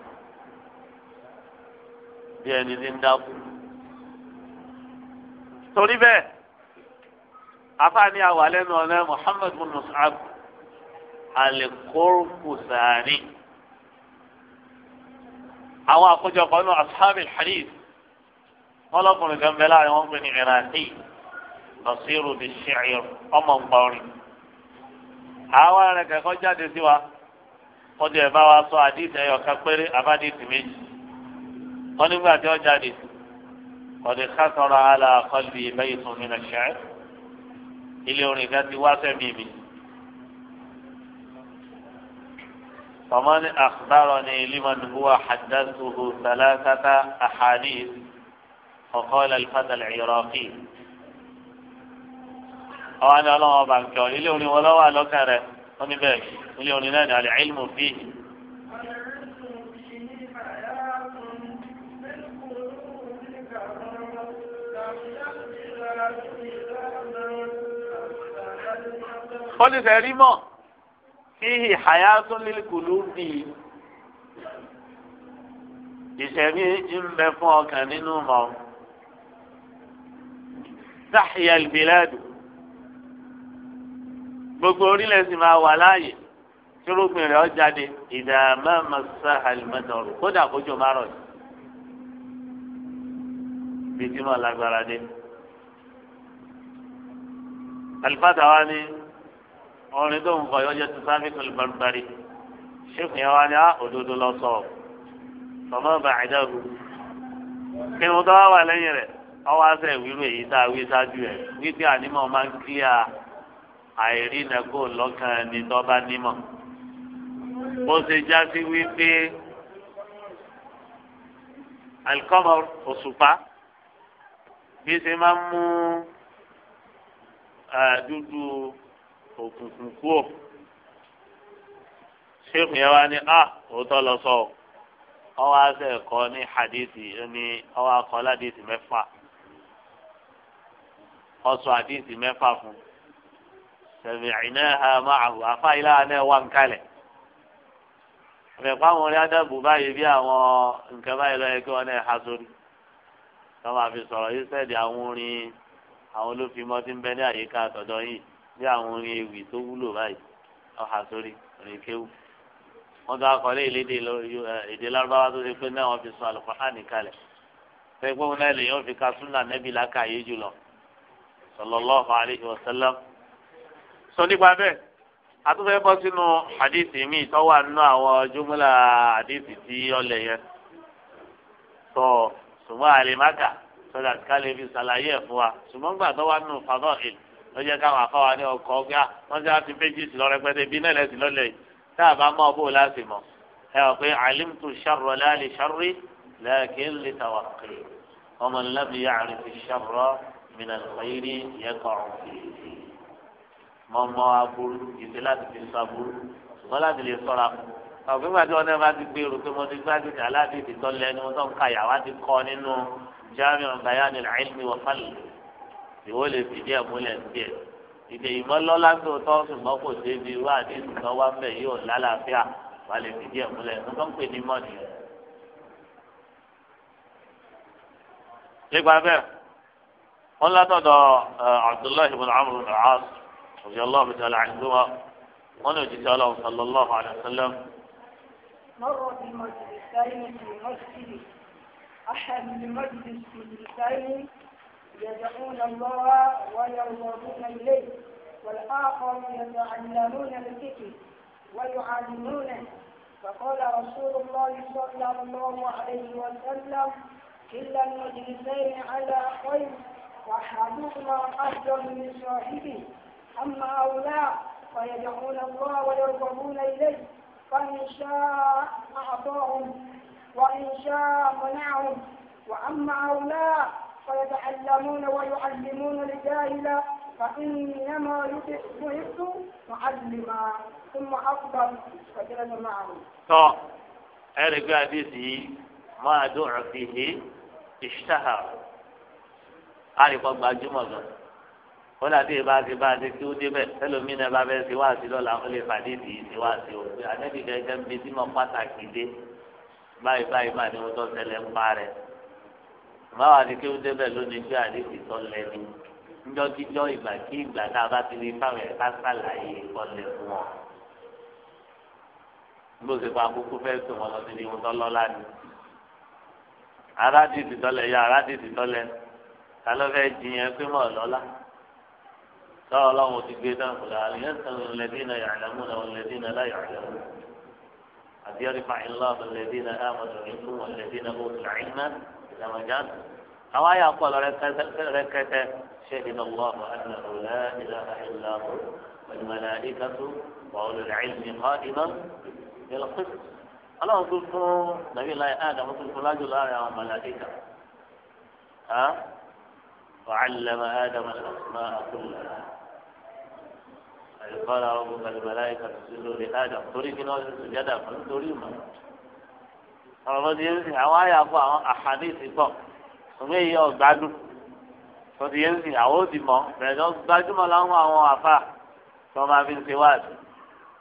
S2: bí ẹni tí ń dákú. torí bẹ́ẹ̀ afáàní àwà lẹ́nu ọ̀nà Muhammad bin Mus'ab al-Qurqusani àwọn àkójọpọ̀ nínú ashabil hadith wọn lọkùnrin kan bẹ láàrin wọn pè ní ìrántí nasiru bi shi'ir ọmọ nkpọrin àwọn arìnrìn kẹkọọ jáde sí wa ó di bá wa sọ àdìsí ẹyọ kan péré àbádìsí méjì wọn nígbà tí wọn jáde kọ̀dé kásọ̀rọ̀ àlà àkọlù ìbẹ́yìí tó mi lọ́sẹ̀ ilé orin kan ti wá sẹ́mi mi. فمن أخبرني لمن هو حدثته ثلاثة أحاديث فقال الفتى العراقي أو أنا الله أبانك إلي ولو ألوك أنا بيك إلي على العلم فيه ó ti fẹ́ rí mọ̀ fíhì hayatun lil qulubi ìṣẹ̀mí ń bẹ fún ọkàn nínú mọ́ tahya al biladu gbogbo orílẹ̀ sì máa wà láàyè tírúgbìn rẹ̀ ọ̀jáde ìdààmú masa alimẹ́tọ̀rù kódà kójò má rọ̀ bìtìmọ̀ lágbára dé. alifata wa ni orin tó ń kọ yọ jẹ tusafikul barbari ṣéèkù yẹn wá ní á ah, òdodo lọ sọ ọmọ bàjẹ́hu kí ni mo tọ́ wá wà lẹ́yìn rẹ̀ ọwọ́ àṣẹ ìwúrò èyí tá a wí ṣáájú ẹ̀ wípé ànímọ̀ máa ń kílíà àìrí nàgó lọ́kàn ẹni tó bá nímọ̀
S3: bó ṣe já sí
S2: wípé alikọ́mọ òṣùpá bí ṣe máa ń mú dúdú. òkùnkùn kúò ṣéèkù yẹn wá ní a òótọ́ lọ sọ ọ wá sẹ ẹ̀kọ́ ní hadithi ní ọ wá kọ́ ládìsí mẹ́fà ọsọ hadithi mẹ́fà fún sami'naha ma'ahu àfa ilá náà wà ń kalẹ̀ àfẹ̀kọ́ àwọn orí adábù báyìí bí àwọn nǹkan báyìí lọ́yẹ kí wọ́n náà ha sórí máa fi sọ̀rọ̀ yìí sẹ́ẹ̀dì àwọn orin àwọn olófin mọ́tí ń bẹ ní àyíká yìí. bí àwọn orin ewì tó wúlò báyìí ọ̀hà sórí orin kéwù wọ́n tó akọ̀lé ìlédè èdè lárúbáwá tó ṣe pé náà wọ́n fi sọ àlùkùránì kalẹ̀ pẹ́ẹ́pẹ́ wọn náà lèyàn fi ka súnà nẹ́bí lákàyè jùlọ sallallahu alaihi wa sallam. sọ nípa bẹ́ẹ̀ atúfẹ́ bọ́ sínú àdìsí mi tọ́wọ́ nínú àwọn jùmọ̀lá àdìsí tí ọlẹ̀ yẹn tọ́ ṣùgbọ́n àlèmáka sọ̀dà kálẹ̀ fi ṣàlàyé ẹ̀ fún wa ṣùgbọ́n gbàdọ́wọ́ nínú fàdọ́ lọ́jọ́ káwọn afáwa ní ọkọ̀ ọgbà ah, wọ́n ti láti méjìsì lọ rẹpẹtẹ bí náà lẹ́sìn lọ́lẹ̀ yìí tá a bá mọ̀ bó láti mọ̀ ẹ wọ pé alimtu sharra la li sharri lakin li tawqi wa man lam ya'rif sharra min al-khayri yaqa'u fihi mọ́ aburú ìdí láti fi sọ aburú wọ́n láti lè sọ́ra ọ̀gbìn gbà tí bá ti gbé pé mo ti gbá gbèsè aládìsí tọ́lẹ̀ ẹni ń ka yàrá ti kọ́ nínú jamiu bayanil ilmi wa fadli ìwọ lè fi díẹ̀ múlẹ̀ díẹ̀ ìdè ìmọ̀lọ́lá tó tọ́ ṣùgbọ́n kò dé bí irú àdéhùn tó wá mẹ́ yóò lálàáfíà wà lè fi díẹ̀ múlẹ̀ nǹkan pè ní mọ́ nìyẹn. nípa bẹ́ẹ̀ wọ́n látọ̀dọ̀ eh, Abdullahi ibn Amr ibn Al-As radiyallahu ta'ala anhuma wọ́n ní òjijì ọlọ́run sallallahu alayhi wa sallam.
S1: مر بمجلسين في مسجد أحد مجلس مجلسين يدعون الله ويرغبون إليه والآخر يتعلمون الفكر ويعلمونه فقال رسول الله صلى الله عليه وسلم كلا المجلسين على خير وأحدهما أفضل من صاحبه أما هؤلاء فيدعون الله ويرغبون إليه فإن شاء أعطاهم وإن شاء منعهم وأما هؤلاء فيتعلمون ويعلمون الجاهل فإنما بعثت معلما ثم أفضل فجلس معه.
S2: طب أرجع به ما دع فيه اشتهر. أعرف gbajúmọ̀ gan wọn láti ìbá ti bá ti tí ó débẹ̀ ẹlòmíín náà bá bẹ ti wá sí lọ́la ó lè fàdé tì ti wá sí o pé àtẹ́bí gẹ́gẹ́ bíi tí mo pàtàkì dé báyìí báyìí máa ní wọn tó ṣẹlẹ̀ ń pa rẹ̀ báwa ni kí ó débẹ̀ lónìí bí àdéhùn tó lẹ́nu ńjọ́jíjọ́ ìgbà kí ìgbà tá a bá ti rí fáwọn ẹ̀ka sàlàyé ìkọlẹ̀ fún ọ. bó ṣe pa kúkú fẹ́ sùn wọn lọ sí ní ìwòsàn lọ́la ni. aráàdì ìtìtọ́lẹ̀ ya aráàdì ìtìtọ́lẹ̀ ta ló fẹ́ jiyàn pé mọ̀ lọ́la. sọ́ọ́ ọlọ́run ti gbé dáhùn fúnra àlùyẹ́ sọ̀rọ̀ lẹ́dínà yàrá-mú lẹ́dínà láyàrá-mú. àti درجات أو أي أقول ركعت شهد الله أنه لا إله إلا هو والملائكة وأولو العلم قائما بالقسط الله تقول نبي الله آدم قلت لا جل يا آية ملائكة ها وعلم آدم الأسماء كلها قال ربك الملائكة تسجدوا لآدم تريد أن تسجد فلم تريد ọ̀rọ̀ lọ́dún yẹn ń sìn àwọn àyà fún àwọn àhàní ìsìnkọ́ òun èyí ọ̀gbádùn lọ́dún yẹn ń sìn àwọn òdì mọ́ bẹ̀rẹ̀ lọ gbajúmọ̀ láwọn àwọn àfà tó máa fi ń ṣe wáàdì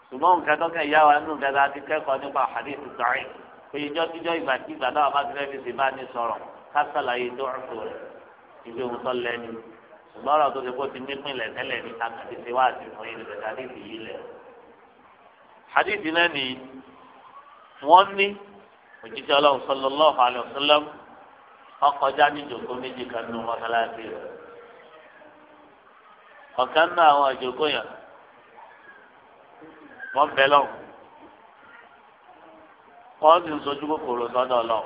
S2: ṣùgbọ́n nǹkan tó kẹ́ ìyá wa nínú nǹkan tá a ti kẹ́kọ̀ọ́ nípa àhàní ìsìnkọ́rin pé ìjọ tíjọ́ ìgbà tí ìgbà náà bá ti fẹ́ fi ṣe bá ní sọ̀rọ̀ kásàlàyé ni wọ́n ní òjijì ọlọ́run sallallahu alaihi wasallam ọkọjá níjòkó méjì kan nínú mọ́sálásí rẹ̀ ọ̀kan náà àwọn àjòkó yẹn wọ́n bẹ lọ́wọ́ wọ́n sì ń sojú kòkòrò sọ́dọ̀ lọ.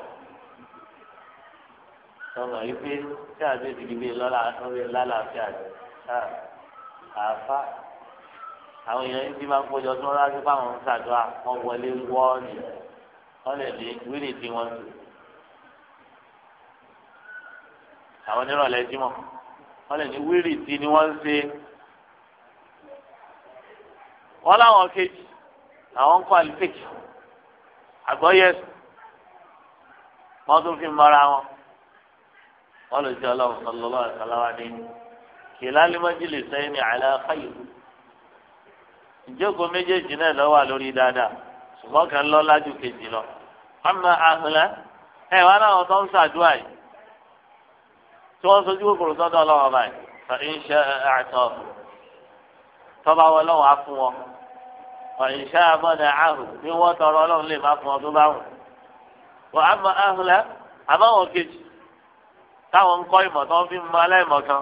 S2: sọ̀rọ̀ yìí pé tí àti ìdìbò lọ́la lórí lálàáfíà rẹ̀ ah, àáfà àwọn èèyàn yìí ti máa ń kójọ tó rárá sí fáwọn ń ṣàdúrà wọlé wọ́ọ̀nì rẹ̀ wọ́n lè di wíìlì tí wọ́n tù àwọn onírọ̀lẹ́ jímọ̀ wọ́n lè ní wíìlì tí ni wọ́n ń ṣe wọ́n láwọn kejì àwọn ń kọ́ àlùfẹ́kì àgbọ́yẹ wọ́n tún fi mọ́ra wọn wọ́n lè jẹ́ ọlọ́run sọlọ́lọ́ àtàláwá ní kìlá límọ́jìlì sẹ́yìn ní àlá fáyì ìjókòó méjèèjì náà lọ́wọ́ lórí dáadáa ṣùgbọ́n kan lọ́lá ju kejì lọ ọmọ àhùlẹ́ ẹ wá láwọn tó ń ṣàdúrà yìí tí wọ́n sojú kòkòrò sọ́dọ̀ ọlọ́wọ́ báyìí fa ìṣe àtọ̀ tọ́ba wọn lọ́wọ́ á fún wọn fa ìṣe àbọ̀dà àhùn bí wọ́n tọrọ ọlọ́run lè má fún ọ tó bá wù wọ́n àmọ́ àhùlẹ́ àmọ́ wọn kejì táwọn ń kọ́ ìmọ̀ tó ń fi mọ aláìmọ̀ kan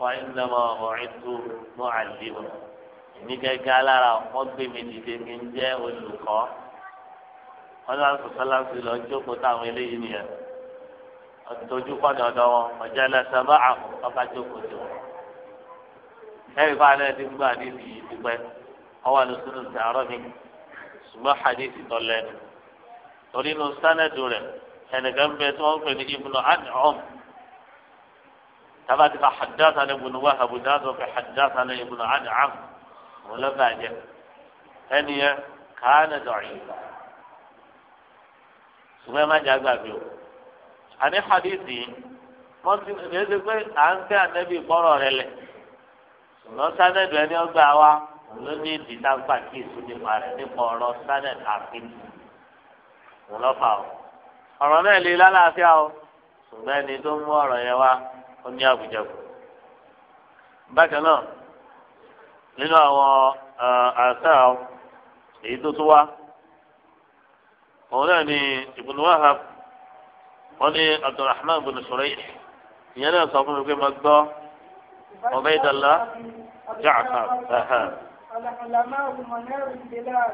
S2: wà ìnáwó ọ̀rìn tó mọ́ àdìmọ̀ alára wọ́n gbé mi dìde kí n jẹ́ olùkọ́ wọn lọ sọ sọlá sí lọ jókòó táwọn eléyìí nìyẹn ọtọjú kọ́ni ọ̀dọ̀ wọn ọjà lẹsẹ bá àwọn ọba jókòó tó ẹ̀rí fáwọn ẹni gbọ́ àdìsí yìí ti pẹ́ ọwọ́ àlùsùnù ti àárọ̀ mi ṣùgbọ́n àdìsí tọ́ lẹ́nu torí inú sánẹ́dù rẹ̀ ẹnìkan bẹ tí wọ́n pè ní ibùdó àdìhọ́m tábàtì ká hàdáta ní ibùdó wà àbùdá tó fi hàdáta ní ibùdó àdìhọ́m wọn lọ́ bàjẹ́ ẹnìyẹn ṣùgbọ́n ẹ má jẹ́ àgbàgbé o. àní hadithi wọ́n ti lè ṣe pé à ń tẹ́ ànẹ́bí kọ́rọ̀ rẹ lẹ̀ ṣùgbọ́n sanẹ́dù ẹni ọgbà wa ló ní ìdìtàgbà kí èso nípa rẹ̀ nípa ọ̀rọ̀ sanẹ́dù àfin òun lọ́fà o. ọ̀rọ̀ náà lè lálàáfíà o ṣùgbọ́n ẹni tó mú ọ̀rọ̀ yẹn wá ó ní àbújá kù. bákan náà nínú àwọn àṣà èyí tó tún wá òun náà ni Ibn Wahab wọn ní Abdulrahman ibn Shuraih ìyẹn náà sọ fún mi pé mo gbọ́
S1: Ubaydullah Ja'far. العلماء منار البلاد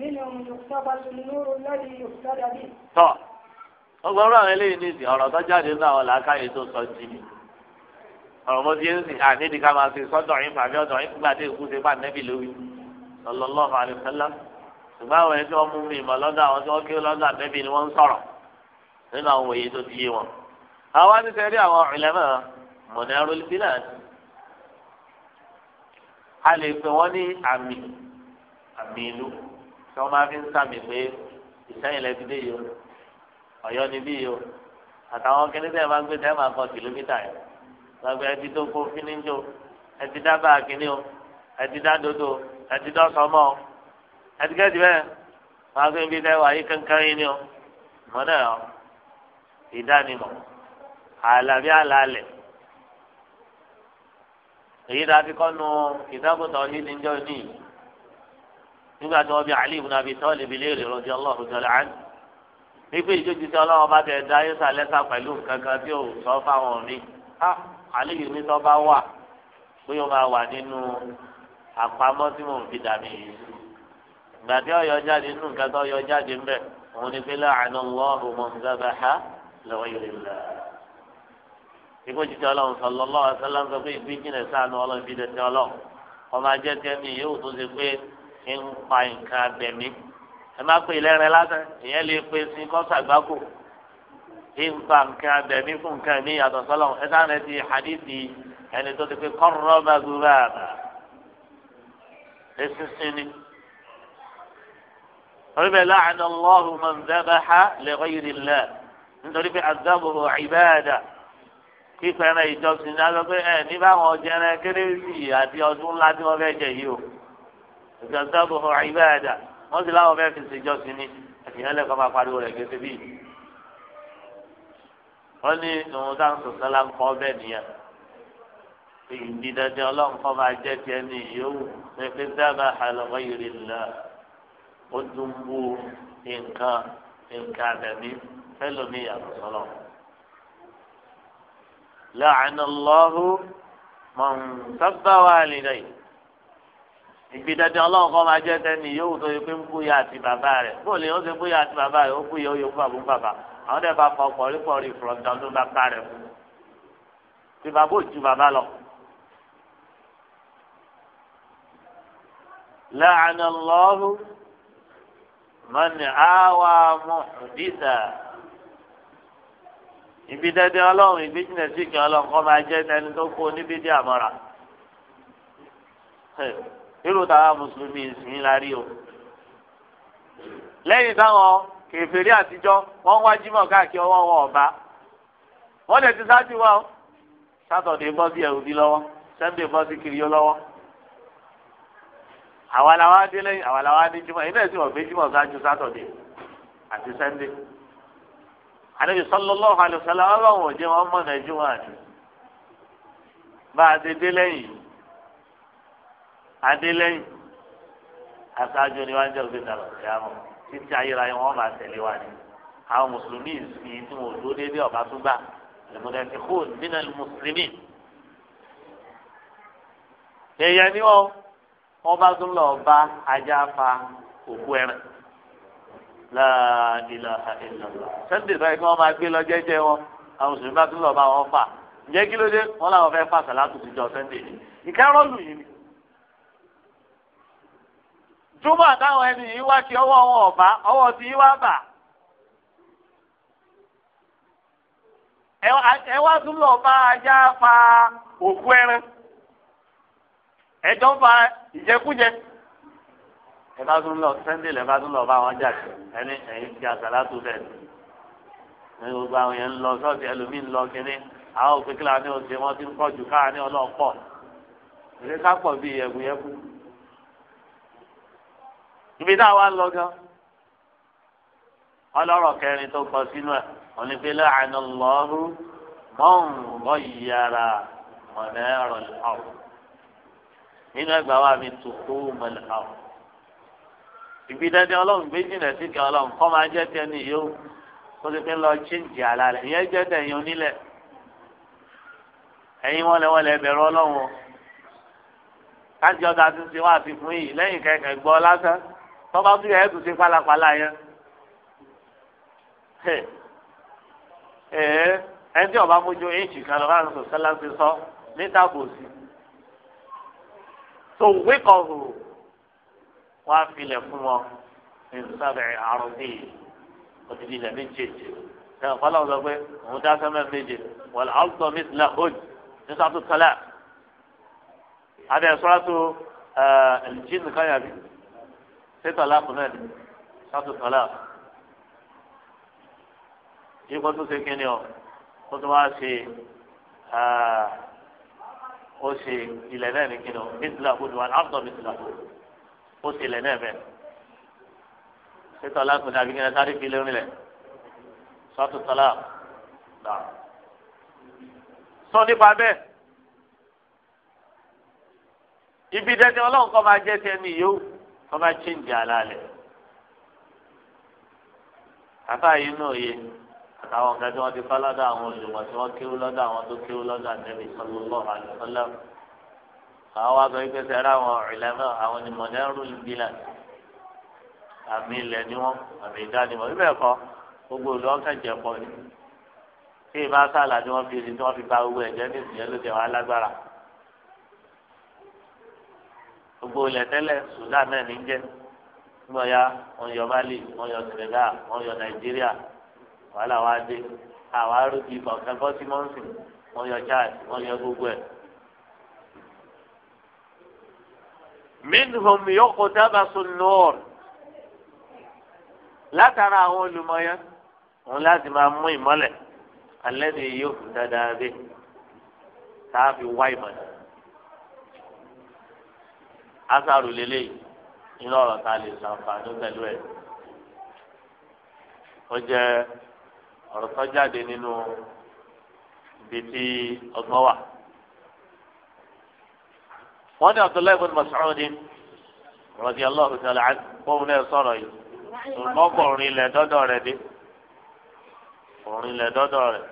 S1: منهم يقتبس النور الذي يهتدى به.
S2: tọ́ ọgbọ́n àwọn eléyìí ní ìsìn ọ̀rọ̀ tó jáde ní àwọn làákàyè tó sọ sí i ọ̀rọ̀ mo ti ń sìn àníìdí ká máa fi sọ́dọ̀ yín fàmí ọ̀dọ̀ yín fúgbà tí èkú ṣe bá nẹ́bì lórí sallallahu alaihi wasallam ṣùgbọ́n àwọn ẹni tí wọ́n mú mi ìmọ̀ lọ́dọ̀ àwọn tí wọ́n kí lọ́dọ̀ àbẹ́bí ni wọ́n ń sọ̀rọ̀ nínú àwọn òye tó ti yé wọn. àwa ti tẹ̀lé àwọn ìlẹ́mọ̀ mọ̀nẹ́rù bílẹ̀ a lè pè wọ́n ní àmì àmì ìlú tí wọ́n máa fi ń sàmì pé ìsẹ́yìn lẹ́bi dé yìí o ọ̀yọ́ ni bí yìí o àtàwọn kìnìún tẹ̀ máa gbé tẹ́ máa kọ kìlómítà yẹn lọ́gbẹ́ ẹbí tó kó fíníjò ẹbí dábàá kìnìún ẹbí dádodo ẹbí dọ́sọmọ́ àtikẹ́tì bẹ́ẹ̀ wọ́n á gbé ibi tẹ́ wàá yí kankan yín ni ọ mọ náà ọ ìdánimọ̀ àlàbí àlàálẹ̀ èyí tá a fi kọ́nu ìdábòtò yìí ní ìjọ ní nígbà tí wọ́n bí Ali ibn Abi Talib léèrè radiyallahu ta'ala anhu wípé ìjókòó tí ọlọ́wọ́ bá tẹ̀ dá yóò sàlẹ́sà pẹ̀lú kankan tí ò sọ fáwọn mi Ali yìí ní tó bá wà bóyá ó máa wà nínú àpamọ́ tí mò ń fi dàbí yìí gbàdé ọyọ jáde nínú nǹkan tó yọ jáde ń bẹ òun ni fílẹ ànàlọ́ọ̀bù mọ̀nzábàá lọ́wọ́ yìí lọ. ikú jíjẹ ọlọ́run sọlọ lọ́wọ́ sọlá ń sọ pé ìgbín jìnnà sáànù ọlọ́run fi dẹ̀tẹ̀ ọlọ́run ọmọ ajẹ́ tẹ́mi yóò tó ṣe pé ń pa nǹkan abẹ̀mí. ẹ má pè lẹ́rẹ̀ lásán ìyẹn lè pe sí kọ́sàgbákò ń pa nǹkan abẹ̀mí fún nǹkan mi yàtọ̀ sọlọ́run ẹ sáà ti hadithi ẹni tó ti pé kọ́rọ́ torí bẹ́ẹ̀ láàánú Allahu man dhabaha li ghayri Allah nítorí pé azabuhu ibada kíkọrẹ ìjọsìn ní alọ pé ẹ ní báwọn jẹrẹ kérésì àti ọdún ńlá tí wọn fẹẹ jẹ yìí o azabuhu ibada wọn sì láwọn fẹẹ fi ṣe ìjọsìn ní àfihàn lẹkọọ máa pariwo rẹ gẹ́gẹ́ bíi wọn ní ìwọn tá à ń sọsọ la ń bẹ́ẹ̀ nìyẹn ìdí dandan Ọlọ́run kọ máa jẹ tiẹ̀ ní ìyówù pé pé dábàá àlọ ghayri Allah ó dùn bú nǹkan nǹkan àdàmí fẹlẹmí yàtọ̀ sọlọ. láàánú lọ́hù mọ̀n sábà wà lìdá yìí. ìgbìdàdì ọlọ́run kọ́ máa jẹ́ tẹ́ni yóò tó yẹ pé ń búyà àti bàbá rẹ̀ bó lè ó ṣe búyà àti bàbá rẹ̀ ó búyà ó yẹ fún àbúrò bàbá àwọn dẹ̀ bá fọ pọ̀rípọ̀rí ìfọ̀rọ̀dà ló bá ká rẹ̀ fún. tí bàbá ò ju bàbá lọ. láàánú lọ́hù mọ́ni àwa mọ̀ọ́dísà ibi dẹ́dẹ́ ọlọ́run ibi jìnnà sí kí ọlọ́run kọ́ máa jẹ́ ẹni tó kó níbi dí àmọ́ra irú táwa mùsùlùmí ìsìn la rí o lẹ́yìn táwọn kèfèrí àtijọ́ wọ́n wá jímọ̀ káàkiri ọwọ́ wọn ọba wọ́n lè ti sáájú wa o sátọ̀dé sí ẹ̀rù bí lọ́wọ́ sẹ́ńdé bọ́ sí kiri yó àwa la wá dé lẹ́yìn àwa la wá dé jimọ̀ iná ẹ̀sìn ọ̀gbẹ́ jimọ̀ ṣáájú sátọ̀dé àti sẹ́ndé. àlejò sallallahu alaihi wasallam ọlọ́run ò jẹ́ wọn mọ̀ nàìjíríà àti. bá a ti dé lẹ́yìn a dé lẹ́yìn aṣáájú ni wá ń jẹ́ òbí dàrọ̀ ìyá mọ̀ títí ayérayé wọn máa tẹ̀lé wa ni. àwọn mùsùlùmí ìsìn tí wọn dúró déédéé ọ̀bá tún gbà lẹ́mọ̀dẹ́sẹ̀ kó nínú mùsùlùmí. èèyàn ni wọn wọn bá tún lọ bá ajá fa òkú ẹran la ilaha illallah sẹ́ńdì báyìí kí wọ́n máa gbé lọ jẹ́jẹ́ wọn àwọn mùsùlùmí bá tún lọ bá wọn fà ǹjẹ́ kí ló dé wọn làwọn fẹ́ fà sàlátù síjọ sẹ́ńdì yìí ìkárọ̀lù yìí ni. júmọ̀ àtàwọn ẹni yìí wá kí ọwọ́ wọn ọ̀bá ọwọ́ ti yí wá bà. ẹ wá tún lọ bá ajá fa òkú ẹran ẹjọ́ ń fa ìjẹkújẹ. ẹ bá tún lọ sẹ́ńdẹ̀ lẹ bá tún lọ bá wọn jà sí ẹni ẹ̀yìn ti àsálátù bẹ́ẹ̀ ni ní gbogbo àwọn yẹn ń lọ sọ́ọ̀sì ẹlòmíín lọ kínní àwọn òfin kílà ní oṣù wọn ti ń pọ̀ jù káà ní ọlọ́pọ̀ ìdí ká pọ̀ bíi yẹ̀kúyẹ̀kú. ibi tá wá ń lọ gan ọlọ́rọ̀ kẹrin tó kọ sínú ẹ̀ òní pé láàánú lọ́ọ́rù nínú ẹgbàá wa mi tù kó mọlẹ àwọn ìbí dandan ọlọ́run gbé jìnnà sí kan ọlọ́run kọ́ máa jẹ́ tiẹ̀ nìyó kó ti fi lọ chíǹjì àlá rẹ̀ ìyẹn jẹ́ tẹ̀yìn onílẹ̀ ẹ̀yin wọlé wọlé ẹ̀bẹ̀rẹ̀ ọlọ́run o ọdọ ọ̀dà ti ṣe fún yìí lásán tún ṣe pálapàla yẹn ọba mójú ẹ̀yìn ṣìkan lọ́wọ́ àrùn sọ níta kò tó wé kọ̀ọ̀hù wọ́n á filẹ̀ fún wọn ní sábẹ̀ àrùn bíi òdìdí ilẹ̀ méjèèjì náà fọlá wọn sọ pé òun dá sẹ́mẹ̀ méje wọ́n lọ àwùjọ mísìlá òd ní sọ́tù tọ́lá abẹ́ sọ́tù ẹ̀ẹ́dìjìn nìkan yàrá sẹ́tọ̀ láàpù náà ní sọ́tù tọ́lá yìí kó tó ṣe kí ni ọ kó tó wá ṣe ẹ̀ẹ́ ó ṣe ilẹ̀ náà ní kí ni mísìlá bòdù wà láàbùtọ̀ mísìlá bòdù ó ṣe ilẹ̀ náà bẹ́ẹ̀. sítọ́lá kùnà àbí kíni sáré fi lórí rẹ̀ sọ́tù tọ́lá dà. sọ nípa bẹ́ẹ̀ ibi dẹ́tẹ́ ọlọ́run kọ́ máa jẹ́ tiẹ̀ ní ìyó kọ́ máa chíǹjì àlàálẹ̀. àbáyé náà yé àtàwọn ọ̀gá tí wọ́n ti kọ́ lọ́dọ̀ àwọn olùmọ̀ tí wọ́n kéwú lọ́dọ̀ àwọn tó kéwú lọ́dọ̀ àtẹ́bí sallallahu alaihi wasallam. àwọn wa sọ wípé sẹ́rẹ́ àwọn ìlẹ́mọ̀ àwọn ni mọ̀nẹ́rù ìbílẹ̀ àmì ilẹ̀ ni wọ́n àmì ìdánimọ̀ bíbẹ̀ kọ́ gbogbo olú ọ̀kẹ́ pọ̀ ni. tí ìbá sàlà ni wọ́n fi ni tí wọ́n fi ba owó ẹ̀jẹ̀ ní ìsìnyẹ́ wàhálà wa dé àwa arúgbó ibà ọ̀kan bọ́ sí mọ́ǹsìn wọ́n yọ jáde wọ́n yọ gbogbo ẹ̀. minhum yóò dábàsó nọ́ọ̀r látara àwọn olùmọ̀yẹ́ wọn láti máa mú ìmọ́lẹ̀ alẹ́ ni yóò dáadáa dé tààfi wá ìmọ̀ náà asaru lele inú ọ̀rọ̀ ta lè ṣàǹfààní pẹ̀lú ẹ̀ ó jẹ́ ọ̀rọ̀ tó jáde nínú ibi tí ọgbọ́n wà. wọ́n ní Abdullahi bin Mas'ud radiyallahu ta'ala anhu fóun náà sọ̀rọ̀ yìí ṣùgbọ́n kò rìn ilẹ̀ dọ́dọ̀ rẹ̀ dé kò rìn ilẹ̀ dọ́dọ̀ rẹ̀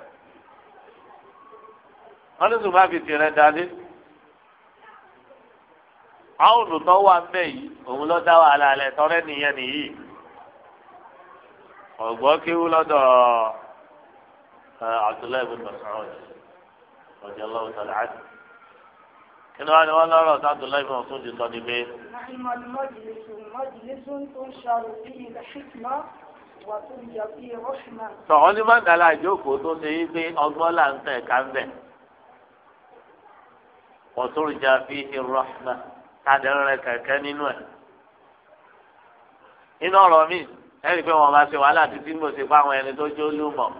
S2: wọ́n ní ṣùgbọ́n àfìsì rẹ̀ dalé àwọn olùtọ́ wà mbẹ́ yìí òun ló dá wàhálà alẹ́ tọ́rẹ́ nìyẹn nìyí ọ̀gbọ́n kéwú lọ́dọ̀ عبد الله بن مسعود رضي الله تعالى عنه كانوا قالوا والله رأس عبد الله بن مسعود يطالبين
S1: نعم المجلس مجلس تنشر فيه الحكمة وتنجى فيه
S3: رحمة
S2: فعلي ما دلع جوكو تنجي فيه أضمال أنت كامبه وترجى فيه الرحمة تدرك كننوه إن أرامين هل يكون ما سوى على تتنبو سيقام ويعني توجه لهم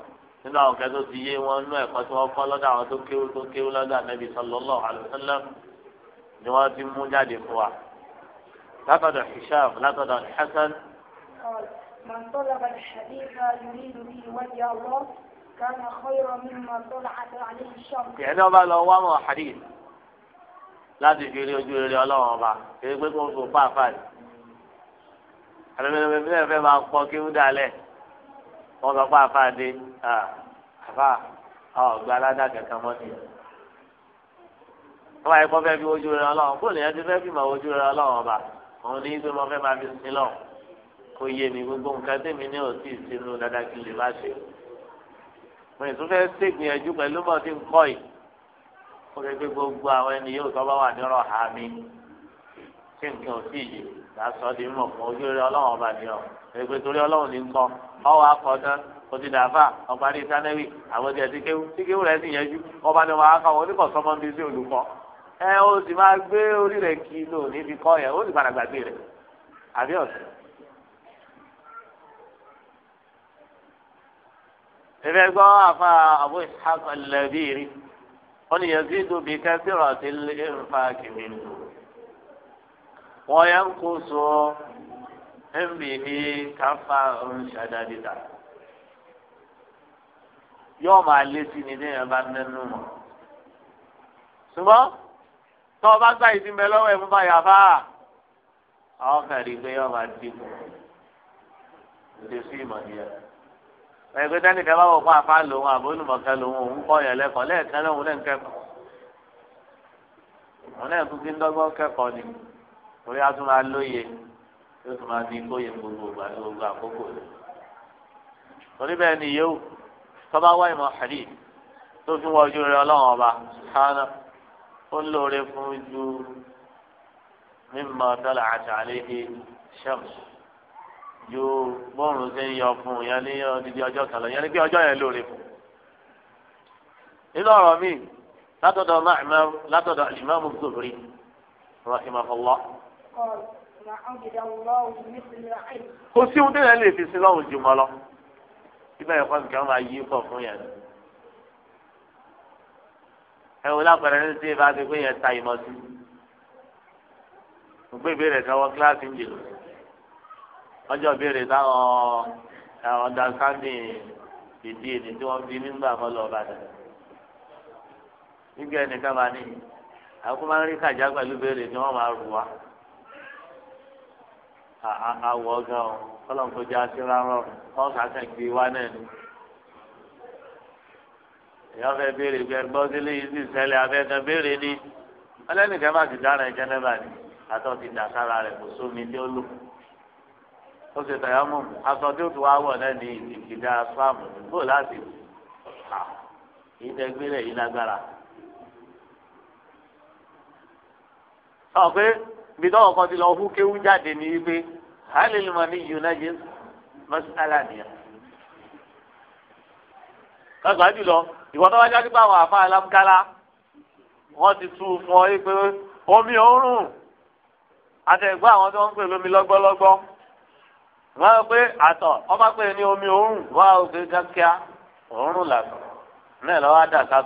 S2: nínú àwọn kẹtó ti yé wọn nú ẹ̀kọ́ tí wọ́n kọ́ lọ́dọ̀ àwọn tó kéwú tó kéwú lọ́dọ̀ ànábì sallallahu alaihi wasallam ni wọ́n ti mú jáde fún wa látọ̀dọ̀ Hisham látọ̀dọ̀ Hasan.
S1: من طلب الحديث يريد به وجه الله كان خيرا مما طلعت عليه الشمس. يعني
S2: هو لو وما حديث láti fi rí ojú rere ọlọ́run ọba kí pé kó fò fáfáì àlùmílẹ̀ fẹ́ wọn sọ pé àfa dé àfa ọgbà kankan mọ nìyẹn wọn àyẹkọ fẹẹ fi ojú rẹ Ọlọ́run kó lèyàn ti fẹẹ fi mọ ojú rẹ Ọlọ́run ọba òun ní ìgbé wọn fẹẹ máa fi sin lọ kó yé mi gbogbo nǹkan tèmi ní òsì sínú dáadáa kí lè má ṣe mo ní tún fẹẹ ṣègbìyànjú pẹ̀lú mọ tí ń kọ yìí ó lè gbé gbogbo àwọn ẹni yóò tọ́ bá wà ní ọ̀rọ̀ ha mi tí nǹkan ò sí yìí làásọ̀ di mọ̀ fún ojú rẹ Ọlọ́run ọba nìyẹn ẹgbẹ́ torí Ọlọ́run ní ń kọ́ ọwọ́ akọ̀dọ́ òtí dàáfà ọ̀parí sanẹ́wì àwọn ti ẹ̀sìn kéwù tí kéwù rẹ̀ sì yẹjú ọba ni wàá kọ́ oníkọ̀ sọmọdé sí olùkọ́ ẹ o sì máa gbé orí rẹ̀ kí lò níbi kọ́ yẹn ó sì padà gbàgbé rẹ̀ àbí ọ̀sẹ̀. ẹ̀fẹ̀ gbọ́ àfa àbú ìṣàkọ̀ lẹ́bí rí yẹ kí dùbí kẹ́sìrọ̀ sí ìfà kìmínú wọ́n yẹ kó so ẹnbìnrin káfá ń ṣàdádìdà yóò máa lé sí ni déèyàn bá nínú mọ ṣùgbọ́n tó o bá gbà ìdí mbẹ lọ́wọ́ ẹ̀ fún bá yàfa àwọn kàrí pé yóò máa dìbò lè sí ìmọ̀ nìyẹn ẹgbẹ́ dání kẹ́ bá wọ̀ fún afá lòun àbólùmọ̀kẹ́ lòun òun kọ́ yẹn lẹ́kọ̀ọ́ lẹ́ẹ̀kan lẹ́hùn lẹ́hìn kẹ́kọ̀ọ́ òun lẹ́hìn kúkí ń dọ́gbọ́n kẹ́kọ̀ọ́ ni torí a tún máa lóye yóò tún máa ní kóyè gbogbo ìgbà ní gbogbo àkókò rẹ̀. torí bẹ́ẹ̀ ni yóò tọ́ba wá ìmọ̀ àdì tó fi wọ ojú rẹ̀ ọlọ́run ọba hánà ó lóore fún ju mímọ́ dọ́là àti àléhé ṣẹ́ms ju bọ́ọ̀rùn ṣe ń yọ fún yẹn ní odidi ọjọ́ kan lọ yẹn ní pé ọjọ́ yẹn lóore fún. nínú ọ̀rọ̀ mi látọ̀dọ̀ látọ̀dọ̀ ìmáàmù Zuhri rahimahullah kò sí ohun tẹ́lẹ̀ lè fi sí lọ́hùn jùmọ̀ lọ ibà ẹ̀kọ́ nìkan máa yí pọ̀ fún yẹn ẹ wò lápẹ̀rẹ̀ ní sí ibà ti yẹn ta ìmọ̀ sí gbogbo ìbéèrè kan wọ kíláàsì ń jèrò ọjọ́ ìbéèrè táwọn understanding ìdí èdè tí wọ́n fi nígbà mọ́ lọ bàtà nígbà ẹnìkan máa ní àwọn kó máa ń rí kàjá pẹ̀lú ìbéèrè tí wọ́n máa rù wá. àwọ̀ ọ̀gá ọ̀ kọ́lọ́n tó já sí rárọ̀ ọ̀gá kẹ́kẹ́ wá náà ni. èèyàn fẹ́ béèrè pé sele sílé yìí sì béèrè ni ọlẹ́nìkan bá ti dára ẹ̀jẹ̀ ni àtọ̀ ti dà sára rẹ̀ kò sómi tí ó lò. ó ṣe tẹ̀yọ́ mú aṣọ tí ó tún wá wọ̀ náà ni fáàmù ibi tọ́wọ́ kan ti lọ hú kéwú jáde ní wípé halil mani yunaji masala nìyẹn. kàgbà jùlọ ìwọ́n tó wá jáde pé àwọn àfa alámkálá wọ́n ti tú fún ọ pé omi òórùn àtẹ̀gbọ́ àwọn tó ń pè lómi lọ́gbọ́lọ́gbọ́ wọ́n á pé àtọ̀ wọ́n bá pè ní omi òórùn wọ́n á pè kíákíá òórùn làtọ̀ náà lọ́wọ́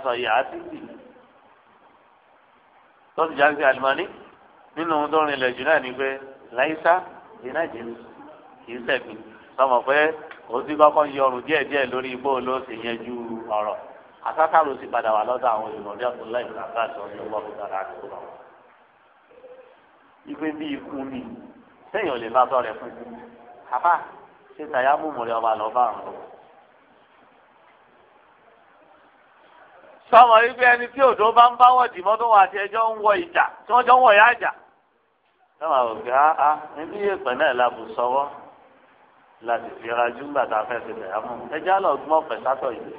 S2: á yìí àti tì tọ́sí jáde alimani. nínú ohun tó rinlẹ̀ jù náà ni pé láìsá iná kì sọmọ pé ó kọ́kọ́ yọ ọrùn díẹ̀ lórí igbó ló sì yẹn ju ọ̀rọ̀ àtàkàrò sì padà wà lọ́dọ̀ àwọn olùrànlọ́dẹ́ ọ̀túnlá ìgbàgbà àti ọ̀dọ́ wọ́n fi dára àti ìgbà wọn. ipe bí ikú mi sẹ́yìn ò lè ṣe tàyà ọba bá sọmọ ibi ẹni tí bá ń ẹ máa wò pé áá níbi ìyẹ̀pẹ̀ náà la bù sọ́wọ́ la sì fi ra jù gbàtà fẹ́ fi bẹ̀rẹ̀ mú ẹ já lọ gbọ́ ọ̀pẹ̀ sátọ̀ yìí.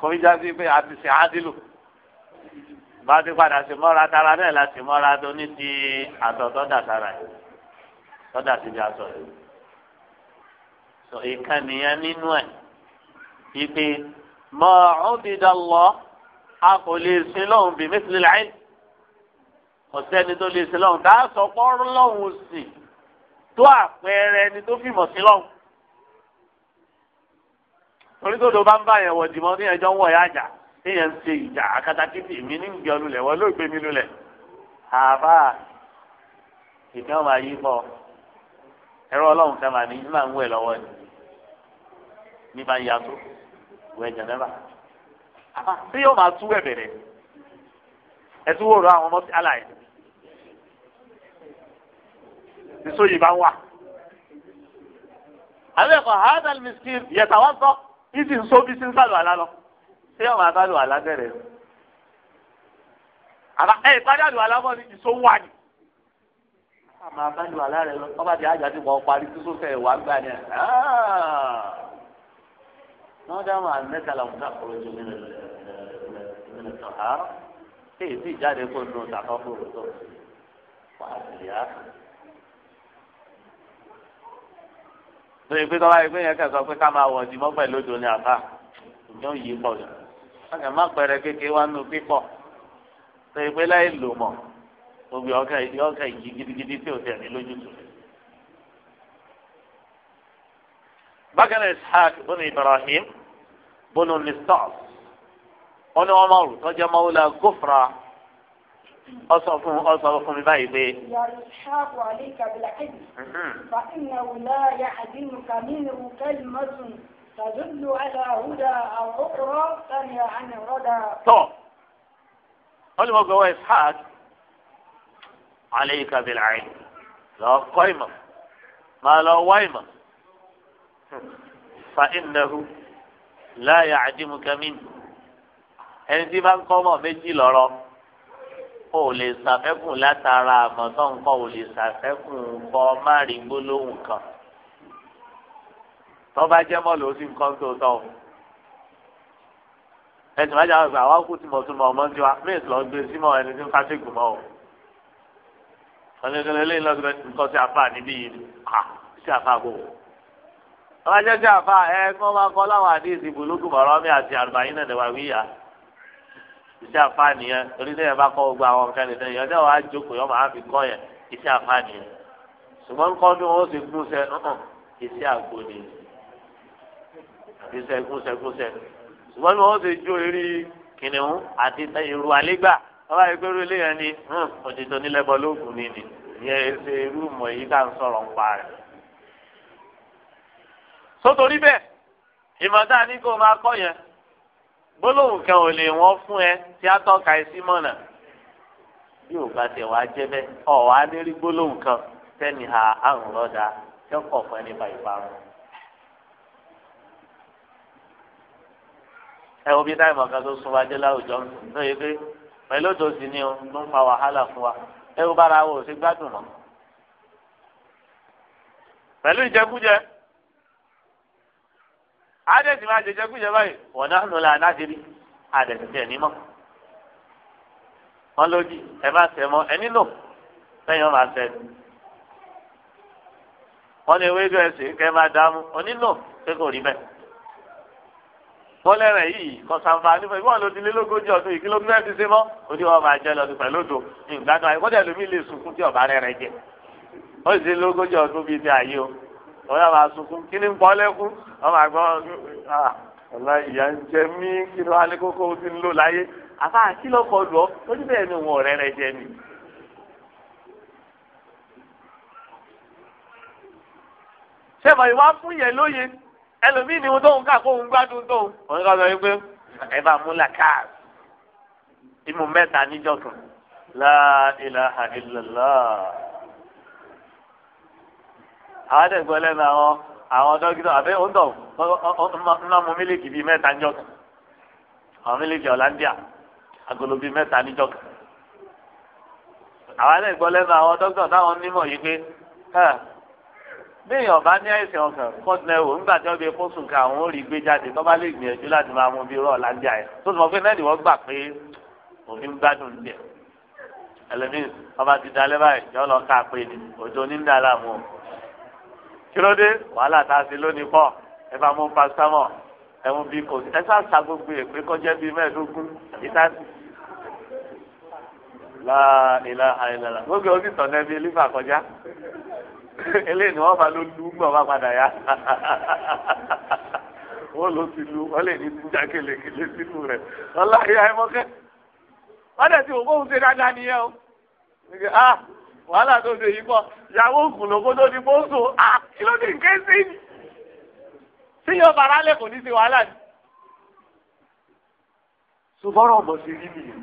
S2: kò í já sí pé a ti sìn ádìlù bá ti padà sí mọ́ra tara náà la sì mọ́ra tó ní ti àtọ̀ tọ́dà tara yìí tọ́dà ti di àtọ̀ yìí. sọ ìkànnì nínú ẹ̀ ìpè mọ́ ọ́n ti dán lọ́ọ́ a kò lè sin lọ́hùn bíi mẹ́sìlẹ̀ láì ọ̀sẹ́ni tó lè sin lọ́hùn tá a sọ pọ́n lọ́hùn sì tó àpẹẹrẹ ẹni tó fìmọ̀ sí lọ́hùn. torí tó do bá ń bá yẹn wọ̀ dìmọ́ ní ẹjọ́ wọ̀ ya jà níyẹn ń ṣe ìjà àkàtàkìtì mi ní ìgbẹ́ olulẹ̀ wọ́n ló gbé mi lulẹ̀ àbá ìfẹ́ wọn máa yí ẹ̀rọ ọlọ́run kẹ́ màá ní ní màá ń lọ́wọ́ ni ní máa ń yàtọ̀ wẹ̀ jẹ̀ mẹ́fà tí yóò máa tú ẹ̀bẹ̀rẹ̀ ẹ̀tú wò rọ àwọn ọmọ sí aláì ìṣó yìí bá wà. àbẹ̀ kò hadal miskin yẹ̀tà wọ́n sọ ìsì ń sóbi sí ń sálù àlá lọ tí yóò máa sálù àlá bẹ̀rẹ̀ àbá ẹ̀ ìpàdé àlù àlá mọ́ ni ìṣó wà ní àmà abájú àlá rẹ lọ ọba tí ajá ti mọ parí tó sọsẹ ìwà gbà ni ما دام أنك لم تخرج من من الطهارة في في جاري يكون تعتبر وتوصي وأهلها lórí pé tọ́lá yìí pé yẹn kẹsàn pé ká máa wọ̀ ọ̀dì mọ́ pẹ̀lú odò ní àbá ìjọ yìí pọ̀ jù ọkàn má pẹ̀rẹ̀ kékeré wá nù pípọ̀ lórí pé láì lò mọ̀ gbogbo ọkàn yìí ọkàn yìí gidigidi tí ò tẹ̀lé lójútùú. bákan náà Ishaq ibn Ibrahim bọ́nù mistọ́ọ̀s ó ní wọn máa rù tọ́jú mọ́wúlá gófra ó sọ fún ó sọ fún mi báyìí pé. tọ́ ó ní mo gbé wọ́n ishaq عليك بالعلم لا قيمة ما لا ويمة فإنه láàyè àdìmúkẹ́mí ẹni tí bá ń kọ́ mọ̀ méjì lọ́rọ́ kò lè ṣàfẹ́kùn látara àmọ́tán kò lè ṣàfẹ́kùn kọ́ má rí gbólóhùn kan tọ́ba jẹ́ mọ́ lòó sì ń kọ́ tó tọ́ o ẹtì máa jáwé pé àwọn kù tí mo tún ọmọ tí wa mí lọ gbé símọ ẹni tí ń ká ṣègùn o ọlẹ́gbẹ̀lẹ́ lẹ́yìn lọ́gbẹ̀ẹ́ nǹkan sí afa níbí yìí ká sí afa kò wọ́n jẹ́ sí àfa ẹ kí wọ́n máa kọ́ láwọn àdéhìsì bùlùkù mọ̀rọ́mí àti àrùbáyín náà lẹ́wà wíyà iṣẹ́ àfa nìyẹn torí lẹ́yìn bá kọ́ gbogbo àwọn nǹkan nìyẹn yọjọ́ wàá jókòó yọ máa fi kọ́ yẹn iṣẹ́ àfa nìyẹn ṣùgbọ́n kọ́ bí wọ́n ṣe gúnṣẹ́ iṣẹ́ ni iṣẹ́ gúnṣẹ́ gúnṣẹ́ ṣùgbọ́n bí wọ́n ṣe jó eré kìnìún àti ìrù àlégbà wọ́n bá yẹ pé irú eléyàn ni òtítọ́ ni ni ìyẹn ṣe irú mọ̀ èyí sótórí bẹ́ẹ̀ ìmọ̀tá ni kò máa kọ́ yẹn gbólóhùn kan ò lè wọ́n fún ẹ tí a tọ́ka ẹ sí mọ̀nà bí ò bá tẹ̀ wá jẹ́ bẹ́ẹ̀ ọ̀ wá lérí gbólóhùn kan tẹ́ni ha àrùn lọ́dà kẹ́kọ̀ọ́ fún ẹ nípa ìparun. ẹ wo bí táìmù ọ̀gá tó sún wa dé láwùjọ ló yẹ pé pẹ̀lú òtòsí ni ó ń fa wàhálà fún wa ẹ wo bára wo ò sí gbádùn mọ́ pẹ̀lú ìjẹkújẹ àdẹ̀sí máa jẹjẹ kú ìjọba yìí wọ̀n náà nù la láti rí àdẹ̀sí tẹ̀ ní mọ́. wọ́n lójì ẹ bá tẹ̀ mọ́ ẹ nílò lẹ́yìn wọn máa tẹ̀ ní. wọ́n ní ewédú ẹ̀sìn kẹ́ máa dààmú onílò pé kò rí bẹ́ẹ̀. bọ́lẹ́rẹ̀ yìí kọ̀sánfà nípa ìwọ́n ló ti lé lógójì ọdún yìí kí ló fẹ́ẹ́ fi ṣe mọ́ òní wọn máa jẹ lọ́dún pẹ̀lú odò ìgbádùn àyè kọ́dẹ̀ lómi lè sunkún tí ọ̀bá rẹ̀ rẹ̀ jẹ ó sì lógójì ọdún bíi ti àyè o wọ́n yà máa sunkún kí ni ń pọ́ lẹ́kún wọ́n máa gbọ́ ah, ọ̀la ìyá ń jẹ mí kí ló wá ní kókó ó ti ń lò láyé àfa kí ló kọ lọ ó ní bẹ́ẹ̀ ni òun ọ̀rẹ́ rẹ jẹ ni. ṣé bàbá ìwà fún yẹn lóye ẹlòmíì ni tóun kà kóun gbádùn tóun. òun kà sọ wípé ẹ bá múlà káàsì ìmú mẹ́ta níjọ́ kan la ilaha illallah àwọn àdẹ̀gbọ́ lẹ́nu àwọn àwọn dókítà àbẹ́ ọ̀ńdọ̀ ńlá mu mílíkì bíi mẹ́ta níjọ́ kan àwọn mílíkì ọ̀làndíà agolo bíi mẹ́ta níjọ́ kan àwọn àdẹ̀gbọ́ lẹ́nu àwọn dókítà táwọn onímọ̀ yìí pé bíyàn bá ní àìsàn ọkàn kọ́tùnẹ́wò nígbà tí wọ́n bí epo sùn àwọn ò rí gbé jáde tó bá lè gbìyànjú láti máa mú bí ọ̀làndíà yẹn tó sì pé náà wọ́n gbà pé òfin gbádùn ní ẹ̀ ọba ti dalẹ́ báyìí yọ lọ ká pé òjò ní ń dà láàmú kílódé wàhálà tá a ti lónìí pọ̀ ẹ bá mú pasítámọ̀ ẹ mú bí kò sí ẹ sáà sa gbogbo èpè kọjá bíi mẹ́ẹ̀ẹ́dógún ìtàsí. láàlá àìlàlà gbogbo ojú tọ̀nà bíi lífà kọjá eléyìí ni wọ́n bá ló lu gbọ̀n bá padà yá wọ́n ló ti lu wọ́n lè ní túnjà kélekèlé sínú rẹ̀ ọlá ìyá ẹ mọ́kẹ́ wọ́n dẹ̀ ti wò ó ń ṣe dáadáa nìyẹn o. Ah, wàhálà tó ṣe yìí pọ̀ ìyàwó òkùn lóko tó di bóso à kí ló ti ń ké sí ni tí yóò bara lè kò ní sí wàhálà ni. ṣùgbọ́n ọmọ ṣe rí nìyẹn.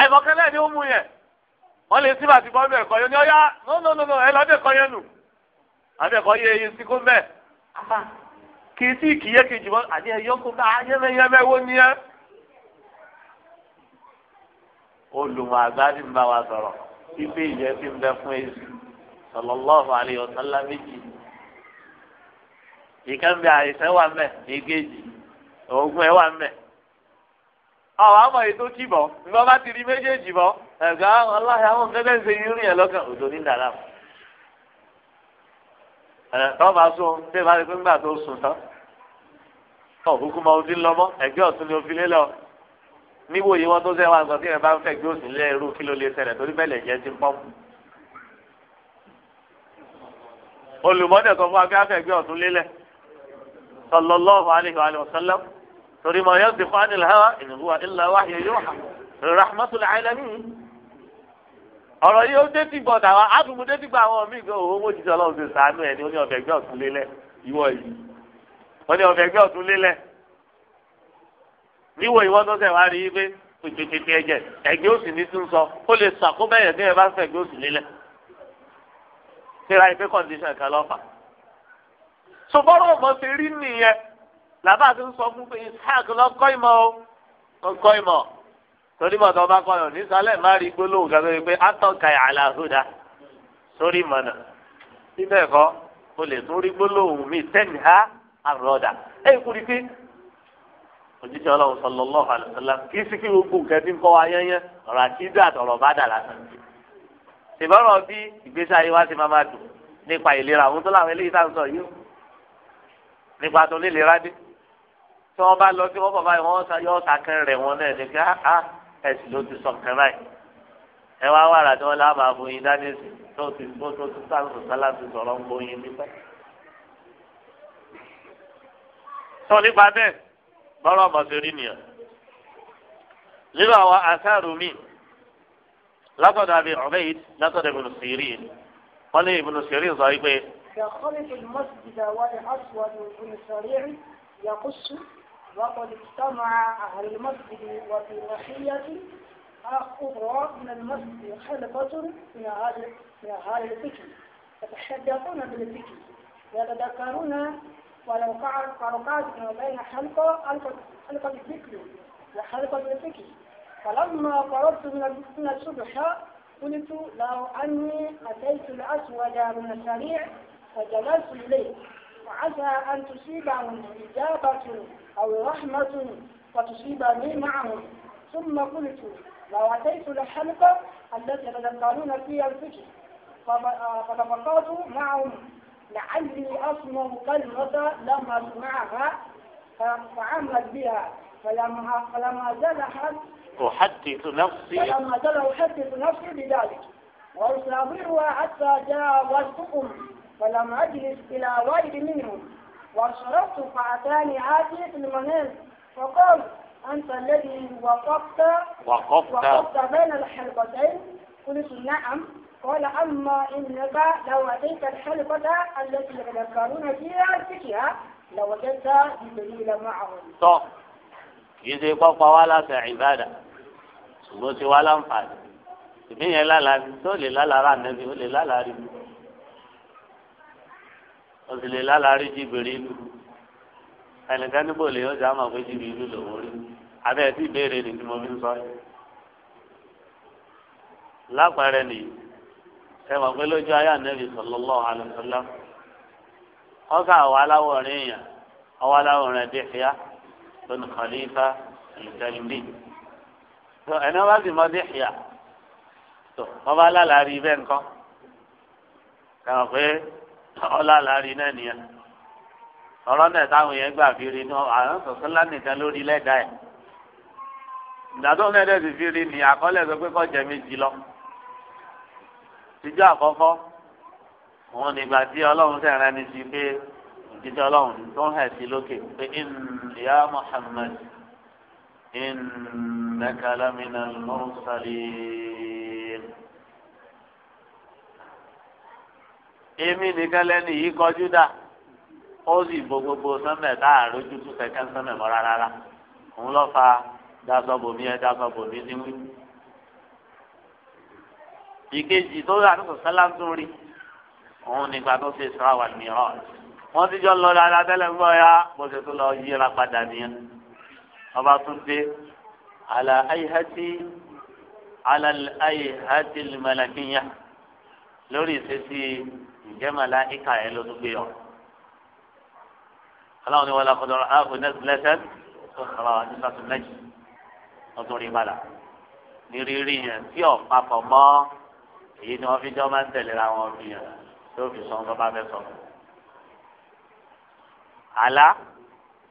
S2: àìmọ̀kẹ́lẹ́ ni ó mú yẹn wọ́n lè síbà ti bọ́ ọ́nù yẹn ni ọ̀yá nù yẹ sí kó kì í sí ìkìyẹ́ kejì mọ́ kó bá ayẹ́mẹ́yẹ́mẹ́ wo ni olùmọ̀ àgbàdì ń bá wa sọ̀rọ̀ ife ìjẹ́ fi ń bẹ fún èsì sallallahu alayhi wa sallam méjì ìkànnì àìsàn wà mẹ́ ègéjì oògùn ẹ̀ wà mẹ́ àwọn àmọ̀ ètò kì bọ̀ ìbọn bá ti di méjèèjì bọ̀ ẹ̀gá ọláyà àwọn gẹ́gẹ́ ń ṣe yín rìn lọ́kàn òdò ní dàrá tọ́ bá sún bẹ́ẹ̀ bá ti gbà tó sùn tán ọ̀ níwò yìí wọn tó sẹ wọn àgbọn tí wọn bá ń fẹ́ gbé òsì lé irú kí ló lè ṣẹlẹ̀ torí bẹ́ẹ̀ lè jẹ ti ń pọ. olùmọdé sọ fún wa bí wọn fẹ́ gbé ọ̀tún lélẹ̀ sallallahu alaihi wa sallam torí ma yọ̀ọ́ ti fún anil hawa in huwa illa wahyu yuha rahmatul alamin. ọ̀rọ̀ yìí ó détí gbọ́ tàwa ádùnmú détí gbọ́ àwọn míì gbọ́ owó jíjọ́ ọlọ́run ti ẹ̀ ní ó ọ̀fẹ́ gbé ọ̀tún lélẹ̀ níwọ̀ ìwọ́n tó tẹ̀ wá rí i pé pèpèpèpè ẹ̀jẹ̀ ẹ̀gbẹ́ òsì ní tún sọ ó lè sàkóbẹ̀yẹ̀ bí ẹ bá fẹ́ ẹ̀gbẹ́ òsì nílẹ̀ síra ìpè kọ́ndíṣàn kan lọ́fà. sọfọ́rọ̀ ọmọ ti rí nìyẹn làbá ti ń sọ fún pé ishaq lọ́kọ́ ìmọ̀ o lọ́kọ́ ìmọ̀ torí mọ̀ tó bá kọ́ ọ̀ nísàlẹ̀ má rí gbólóhùn kan tó yẹ pé atọ́ka àlàhùdà sórí mọ̀nà síbẹ̀ kọ́ o lè tún rí gbólóhùn mi tẹ́ni ha àrọ̀dà ẹ̀ kúri òjíṣẹ́ ọlọ́run sallallahu alaihi wasallam kì í sí kí gbogbo nǹkan tí ń kọ́ wa yẹ́yẹ́ ọ̀rọ̀ àkídà àtọ̀rọ̀ bá dà lásán. ìbọ̀rọ̀ bí ìgbésí ayé wa ti máa máa dùn nípa ìlera àwọn tó láwọn eléyìí sáà sọ yìí nípa tó nílera dé tí wọ́n bá lọ sí wọ́n bàbá wọn yọ ọ̀sà kan rẹ̀ wọn náà ní ká á ẹ̀sìn ló ti sọ kan báyìí ẹ wá wàrà tí wọ́n lá máa bo yín dání sí tó ti tó tó sáà ń sọ nípa bọ́rọ̀ mọ̀sẹ̀rí nìyẹn nínú àwọn àṣàrò mi látọ̀dọ̀ àbí ọ̀bẹ́yìí látọ̀dọ̀ Ibn Sirin wọ́n lé Ibn Sirin sọ wípé.
S1: يخلط المسجد والأسود بن سريع يقص وقد اجتمع أهل المسجد وفي ناحية أخرى من المسجد خلفة من أهل من أهل الفكر يتحدثون بالفكر يتذكرون ولو قعد فرقات بين حلقة حلقة حلقة وحلقة الفكر فلما فرغت من الصبح قلت لو أني أتيت الأسود من السريع فجلست إليه وعسى أن تصيبهم إجابة أو رحمة فتصيبني معهم ثم قلت لو أتيت الحلقة التي يتذكرون فيها الفكر فتفقدت آه، معهم لعلي أصمم كلمة لم أسمعها فعمل بها فلما فلما زلحت
S2: أحدث نفسي
S1: فلما زل أحدث نفسي بذلك وأصابرها حتى جاوزتهم فلم أجلس إلى واحد منهم وانصرفت فأتاني آتي في المنام فقال أنت الذي وقفت وقفت, وقفت بين الحلقتين قلت نعم قال أما إنك لو أتيت الحلقة التي يتذكرون فيها الفكرة لوجدت جبريل معهم.
S2: طب يزي بابا ولا عبادة. ṣùgbọ́n ti wá láǹfààní ìbí yẹn lálàá ni tó lè lálàá rà nẹ́bí ó lè lálàá rí mi ó sì lè lálàá rí jìbìrì lù ẹnìkan níbo lè yọjà á mọ̀ jìbìrì lù lòún rí abẹ́ ẹ̀ tí ìbéèrè ni mo fi ń sọ yìí lápẹẹrẹ nìyí ẹ mọ̀ pé lójú ayé ànẹ́bí sallallahu alaihi wasallam ọkà àwọn aláwọ̀rẹ́ èèyàn ọwọ́ aláwọ̀rẹ́ dẹ́fíà tó ní Khalifa ìtẹ̀lẹ́bí tó ẹni wọn bá sì mọ dẹ́fíà tó wọn bá lálàárí bẹ́ẹ̀ nǹkan ẹ mọ̀ pé ọlálàárí náà nìyẹn ọ̀rọ̀ náà táwọn yẹn gbà fi rí náà àwọn sọ̀sọ́lá nìkan lórí lẹ́dàá ẹ̀ ìdádọ́ náà fi rí ni àkọọ́lẹ̀ sọ pé kọ́ jẹ méjì lọ ìjọ àkọ́kọ́ òun nígbà tí ọlọ́run sẹ̀rẹ̀ ẹni sí pé ìdíjọ́ ọlọ́run tó ń hẹ̀ sí lókè pé ìyá Muhammad innaka lamina al-mursalin. èmi nìkan lẹ́nu yìí kọjú dà ó sì bo gbogbo sánmẹ̀ tá a rójú tó kẹ̀kẹ́ sánmẹ̀ mọ́ rárá òun lọ́ fa dasọ̀bòmí ẹ dasọ̀bòmí ní ìkejì tó rà nípa sálám tó rí òun nígbà tó ṣe sọ àwọn mìíràn wọn ti jọ lọ dáadáa tẹ́lẹ̀ ń bọ̀ ya bó ṣe tó lọ yíra padà nìyẹn ọba tún dé àlà ayihati àlà ayihati mẹlẹkìnyà lórí ìṣesí ìjẹmàlá ìka yẹn ló tún gbé yọ aláwọn ni wọn lọ kọjọ ààbò nẹsílẹsẹ tó sọ̀rọ̀ nípa tó mẹjì wọn tún rí padà ní rírí yẹn tí ọ̀ papọ̀ mọ́ èyí ni wọ́n fi jọ́ máa ń tẹ̀léra wọn fi hàn tó fi sọ tó bá fẹ́ sọ. àlá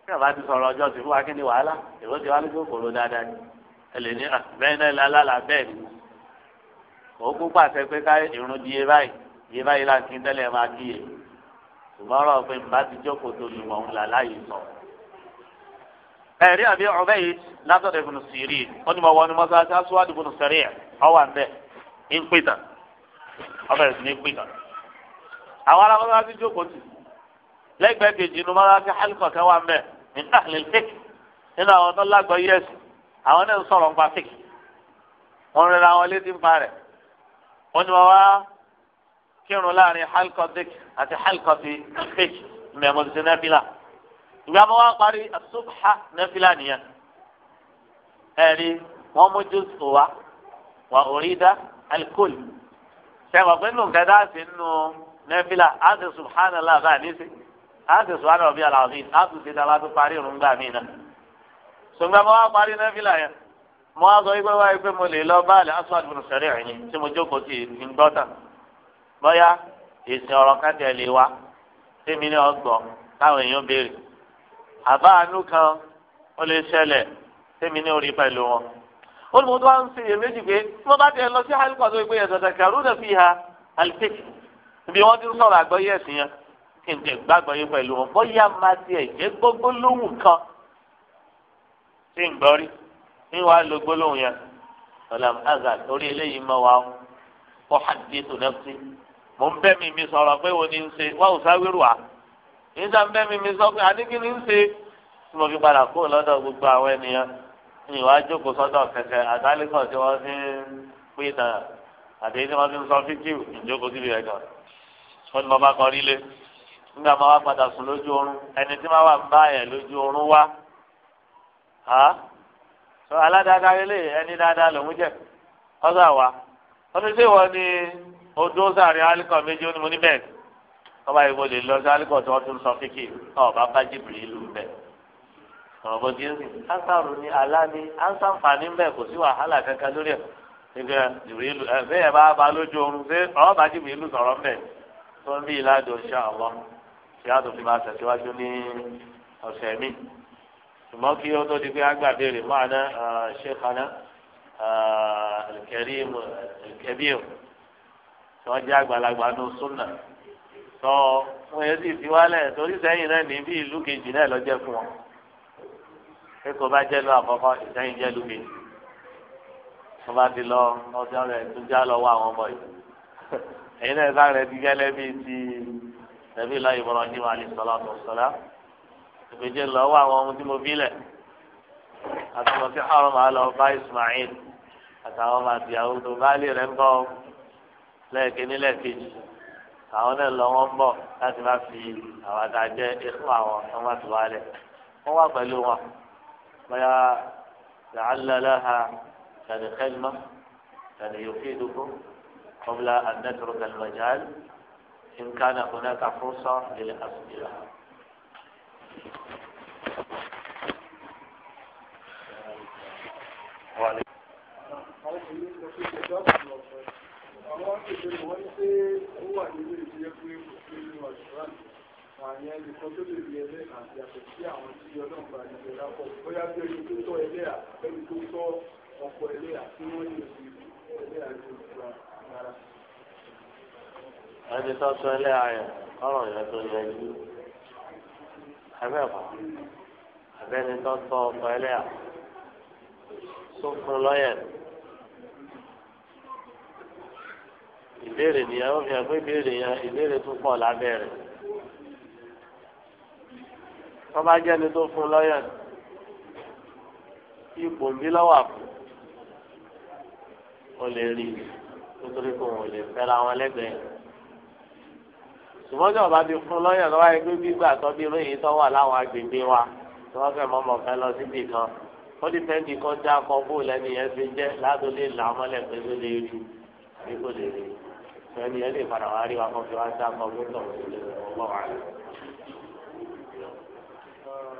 S2: tí wọ́n bá ti sọ̀rọ̀ ọjọ́ sí fún wa kí ni wàhálà èrò ti wá ní kòkòrò dáadáa ni ẹ lè ní bẹ́ẹ̀ náà lálálà bẹ́ẹ̀ ni òkú pàṣẹ pé ká irun di iye báyìí iye báyìí là ń kí tẹ́lẹ̀ máa kí iye ṣùgbọ́n ọ̀rọ̀ pé nbà ti jókòó tó lù wọ́n là láàyè sọ. ẹ̀rí àbí ọ̀bẹ yìí látọ̀dọ̀ ìbùnú sírì ó ní mo wọ ní mọ́sáàsì aṣọ àdìbùnú sẹ̀rí ẹ̀ ọ wà ń bẹ̀ ń pè tán ọbẹ̀ rẹ̀ sì ní pè náà. àwọn ará wọn ti jókòó tì lẹ́gbẹ̀ẹ́ kejì inú mọ́ra ti hálùkọ̀ kẹ́ wà mẹ́ nínú àlè fíkì nínú àwọn tó lágbọ́ yẹ́sì àwọn náà ń sọ̀rọ̀ nípa fíkì wọ́n rẹ̀ ra wọn létí nípa rẹ̀ wọ́n ní wọ́n wá kírun láàrin hálùkọ̀ fíkì àti hálùkọ̀ fíkì mẹ́mọ́tì nẹ́fìlà ìgbà wọn wá parí asubha nẹ́fìlà nìyẹn ẹ̀rí wọ́n mú jùsù wa wà orí dá alikóòlù. sẹ́wọ̀n pé nínú nǹkan dáàsì nínú nẹ́fìlà subhanallah bá a ní subhanahu rabbi parí irun mí náà. ṣùgbọ́n mo wá parí nẹ́fìlà yẹn mo wá sọ wípé wáyé pé mo lè lọ báàlì aswad bin sẹ́rẹ̀ ẹ̀yìn tí mo jókòó ti ń gbọ́ tán ọ̀rọ̀ ó ní mo tó wá ń ṣe èyàn méjì pé tí wọ́n bá tiẹ̀ lọ sí àlùkò tó gbé yẹn dandan kàrú náà fi ha àlùfíkì ibi wọ́n ti ń sọ̀rọ̀ àgbọ́yé ẹ̀sìn yẹn kí n tẹ̀ gbàgbọ́ yín pẹ̀lú wọn bóyá máa tiẹ̀ jẹ́ gbólóhùn kan tí ń gbọ́ rí ní wàá lo gbólóhùn yẹn ọ̀làm azà torí eléyìí mọ́ wa kó hàdí tó nẹ́fí mo ń bẹ́ mi mi sọ̀rọ̀ pé wo ni ń ṣe wá òsáwérù wa nígbà ń bẹ́ mi mi sọ pé àdékí ni ń ṣe tí mo fi padà kó lọ́dọ̀ gbogbo àwọn ènìyàn ìwà jókòó sọ́dọ̀ kẹ̀kẹ́ àtàlẹ́kọ̀ tí wọ́n fi ń pín tàn àti tí wọ́n fi ń sọ fíjìw ìjókòó síbi ẹ̀gàn wọ́n ti lọ bá kọrí lé nígbà máa wá padà sùn lójú oorun ẹni tí máa wà ń bá yẹn lójú oorun wá sọ aládàáda ilé ẹni dáadáa lòún jẹ ọsọ àwa wọ́n ti sèwọ ni odó sàrin alikọ méjì ó ní mo ní bẹ́ẹ̀ ọba ìwọlé lọ sí alikọ tí wọ́n tún sọ fíkì ọ bá jìbìrì ìlú bẹ́ẹ̀. ọ̀bọ̀n tí ó sì ánsáàrù ní aláàní ánsáǹfààní ń bẹ̀ kò sí wàhálà kankan lórí ẹ̀ nígbà jìbìrìlù ẹ̀ bá lójú oorun ṣé ọ̀rọ̀ bá jìbìrìlù sọ̀rọ̀ ń bẹ̀ tó ń bí ṣé àtò fi máa tẹ̀síwájú ní ọ̀sẹ̀ mi ṣùgbọ́n kí ó tó di pé agbábẹ́rẹ̀ máa ná ṣé kaná jẹ́ àgbàlagbà pé kò bá jẹ́ lọ àkọ́kọ́ ìsẹ́yìn jẹ́ lómi wọ́n bá ti lọ ọjọ́ rẹ̀ tó já lọ wá àwọn ọmọ yìí èyí náà sá rẹ̀ ti gẹ́lẹ́ bí ti ẹbí lọ Ibrahim alayhi salatu wassalam ìpèjẹ lọ wá àwọn ohun tí mo bí lẹ̀ àtúmọ̀ sí ọ̀rọ̀ màá lọ bá Ismail àtàwọn ọmọ àtìyàwó tó bá lè rẹ̀ ń bọ̀ lẹ́ẹ̀kíní lẹ́ẹ̀kejì àwọn náà lọ wọ́n bọ̀ láti má fi àwọn àtàjẹ́ ẹ̀kọ́ àwọn ọmọ àtìwálẹ̀ wọ́n wà pẹ̀lú wọn. لعل لها خدمة كلمة يفيدكم قبل أن نترك المجال إن كان هناك فرصة للأسئلة
S1: àyẹn ẹni tó tọ́ ẹlẹ́ à ẹni yẹn tó yẹ yí abẹ́ni tó tọ́ ọkọ̀
S2: ẹlẹ́ tó fún lọ́yẹ̀
S3: ìbéèrè nìyẹn ó fi hàn pé ìbéèrè yẹn ìbéèrè tó pọ̀ lábẹ́ rẹ̀
S2: tọ́ba jẹ́ni tó fún lọ́yà ipò ń bí lọ́wọ́ àpò ó lè rí nítorí kò wọ́n lè fẹ́ra wọn lẹ́gbẹ̀ẹ́ ṣùgbọ́n tí ọba ti fún lọ́yà lọ́wọ́ ẹgbẹ́ gbígbà tó bí lóyìn tó wà láwọn agbègbè wa tí wọ́n fẹ́ mọ́mọ́ fẹ́ lọ síbì kan ó ti fẹ́ di kan já kan bó lẹ́nu yẹn fi jẹ́ ládùúlé làmọ́lẹ̀ pé ló lè rí bí kò lè rí ẹni yẹn lè padà wá rí wa kan fi wá já kan tọ̀ wọ́n lè rọ̀ wọ́n wà lọ.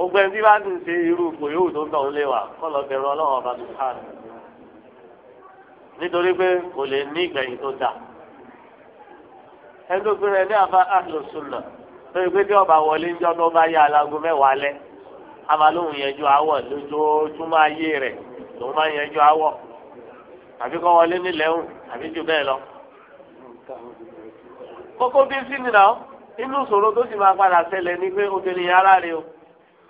S2: gbogbo ẹni tí bá ti ṣe irú ipò yóò tó ń tọ̀ ń lé wa kọ́ lọ bẹ̀rù ọlọ́run ọba tó ká ní. nítorí pé kò lè ní ìgbẹ̀yìn tó dà. ẹni tó gbé rẹ ní àbá àlò sùnà lórí pé tí ọba wọlé ń jọ́ tó bá yá alágo mẹ́wàá lẹ́ amalóhùn yẹjú awọ lójoojúmọ́ ayé rẹ̀ lòun máa yẹjú awọ àbí kọ́ wọlé nílẹ̀hùn àbí jù bẹ́ẹ̀ lọ. kókó bí sí nìyàwó inú ìṣòro tó sì máa padà ṣẹlẹ̀ ni pé obìnrin yàrá rẹ o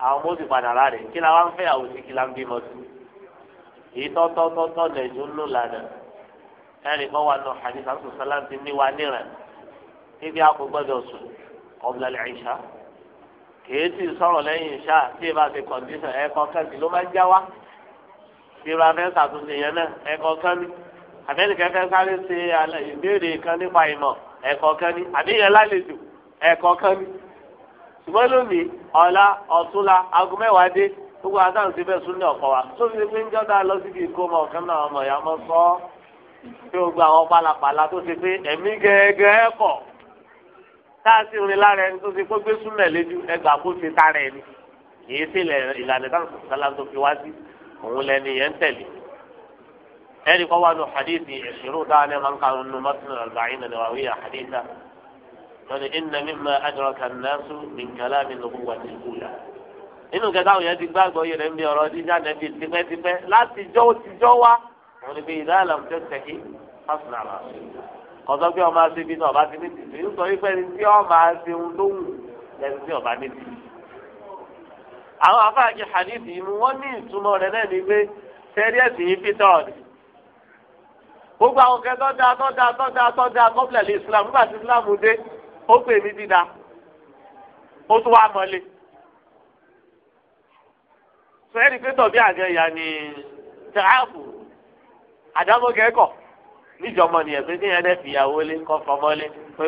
S2: àwọn mọ́sí padà rà rẹ̀ kí la wá ń fẹ́ àwọn òsì kí la ń bímọ sí i tọ́tọ́tọ́tọ́ lẹ́jọ́ ń lò lánàá ẹnì kan wà nù hadith àti sọ́lá ti ní wa níran níbi àpò gbọ́dọ̀ sùn ọ̀bùlà lẹ́yìnṣá kìí sì sọ̀rọ̀ lẹ́yìn ìṣá tí ì bá ti kọ̀ǹdíṣàn ẹ̀kọ́ kẹ́ntì ló máa ń já wá bí irú afẹ́ ṣàtúnṣe yẹn náà ẹ̀kọ́ kẹ́ni àbẹ́ni kẹ́kẹ́ sáré ṣe ìbéèrè kan nípa ìmọ̀ ẹ̀kọ́ kẹ́ni àbí yẹn lálejò ẹ̀kọ́ kẹ́ni ṣùgbọ́n lónìí ọ̀la ọ̀túnla aago mẹ́wàá dé gbogbo adáhùn ti fẹ́ sún ní ọ̀kọ́ wa tó fi pé ń jọ́dá lọ síbi ìkómọ ọ̀kan náà ọmọ ìyá mọ́ sọ ọ́ tí o àwọn pálapàla tó ti pé ẹ̀mí gẹ́gẹ́ kọ̀ tá a sì rìn lára ẹni tó ti pé gbé súnmẹ̀ lójú ẹgbàá kó ti tara ẹni kìí sí ìlànà táwọn sọ̀tàlá tó fi wá sí òun lẹni yẹn tẹ̀lé ẹnì kan wà ní hadithi ẹ̀ṣirò dáhùn ẹ̀ máa ń karùn-ún mọ́tún àgbáyé lọ́ni iná mímọ adraka an-nasu min kalami an-nubuwwati al-ula. nínú kẹta àwọn yẹn ti gbàgbọ́ yẹn ń bí ọ̀rọ̀ jíjà nẹ́bí tipẹ́tipẹ́ láti jọ́ ó ti jọ́ wá wọn ni bí ìdá àlàm tẹ́ tẹ̀kí fásitì àmà kọ́sọ́ bí ọmọ àti ibi náà ọba ti ní tìtì nítorí pé ní tí ọmọ àti ohun tó wù lẹ́nu tí ọba ní tìtì. àwọn afáàjì hadithi inú wọn ní ìtumọ̀ rẹ̀ náà ní pé sẹ́ríẹ̀sì yìí fi tọ̀ ni. gbogbo àwọn kẹ́ tọ́jà tọ́jà islam nígbà tí islam dé ó pè mí dídá ó tún wá mọ́lé sẹ́ni pé tọ̀bí àgẹ́ ìyá ni tíráàpù àdámọ́kẹ́kọ̀ níjọmọ nìyẹn kọ́ fọmọ́lé tó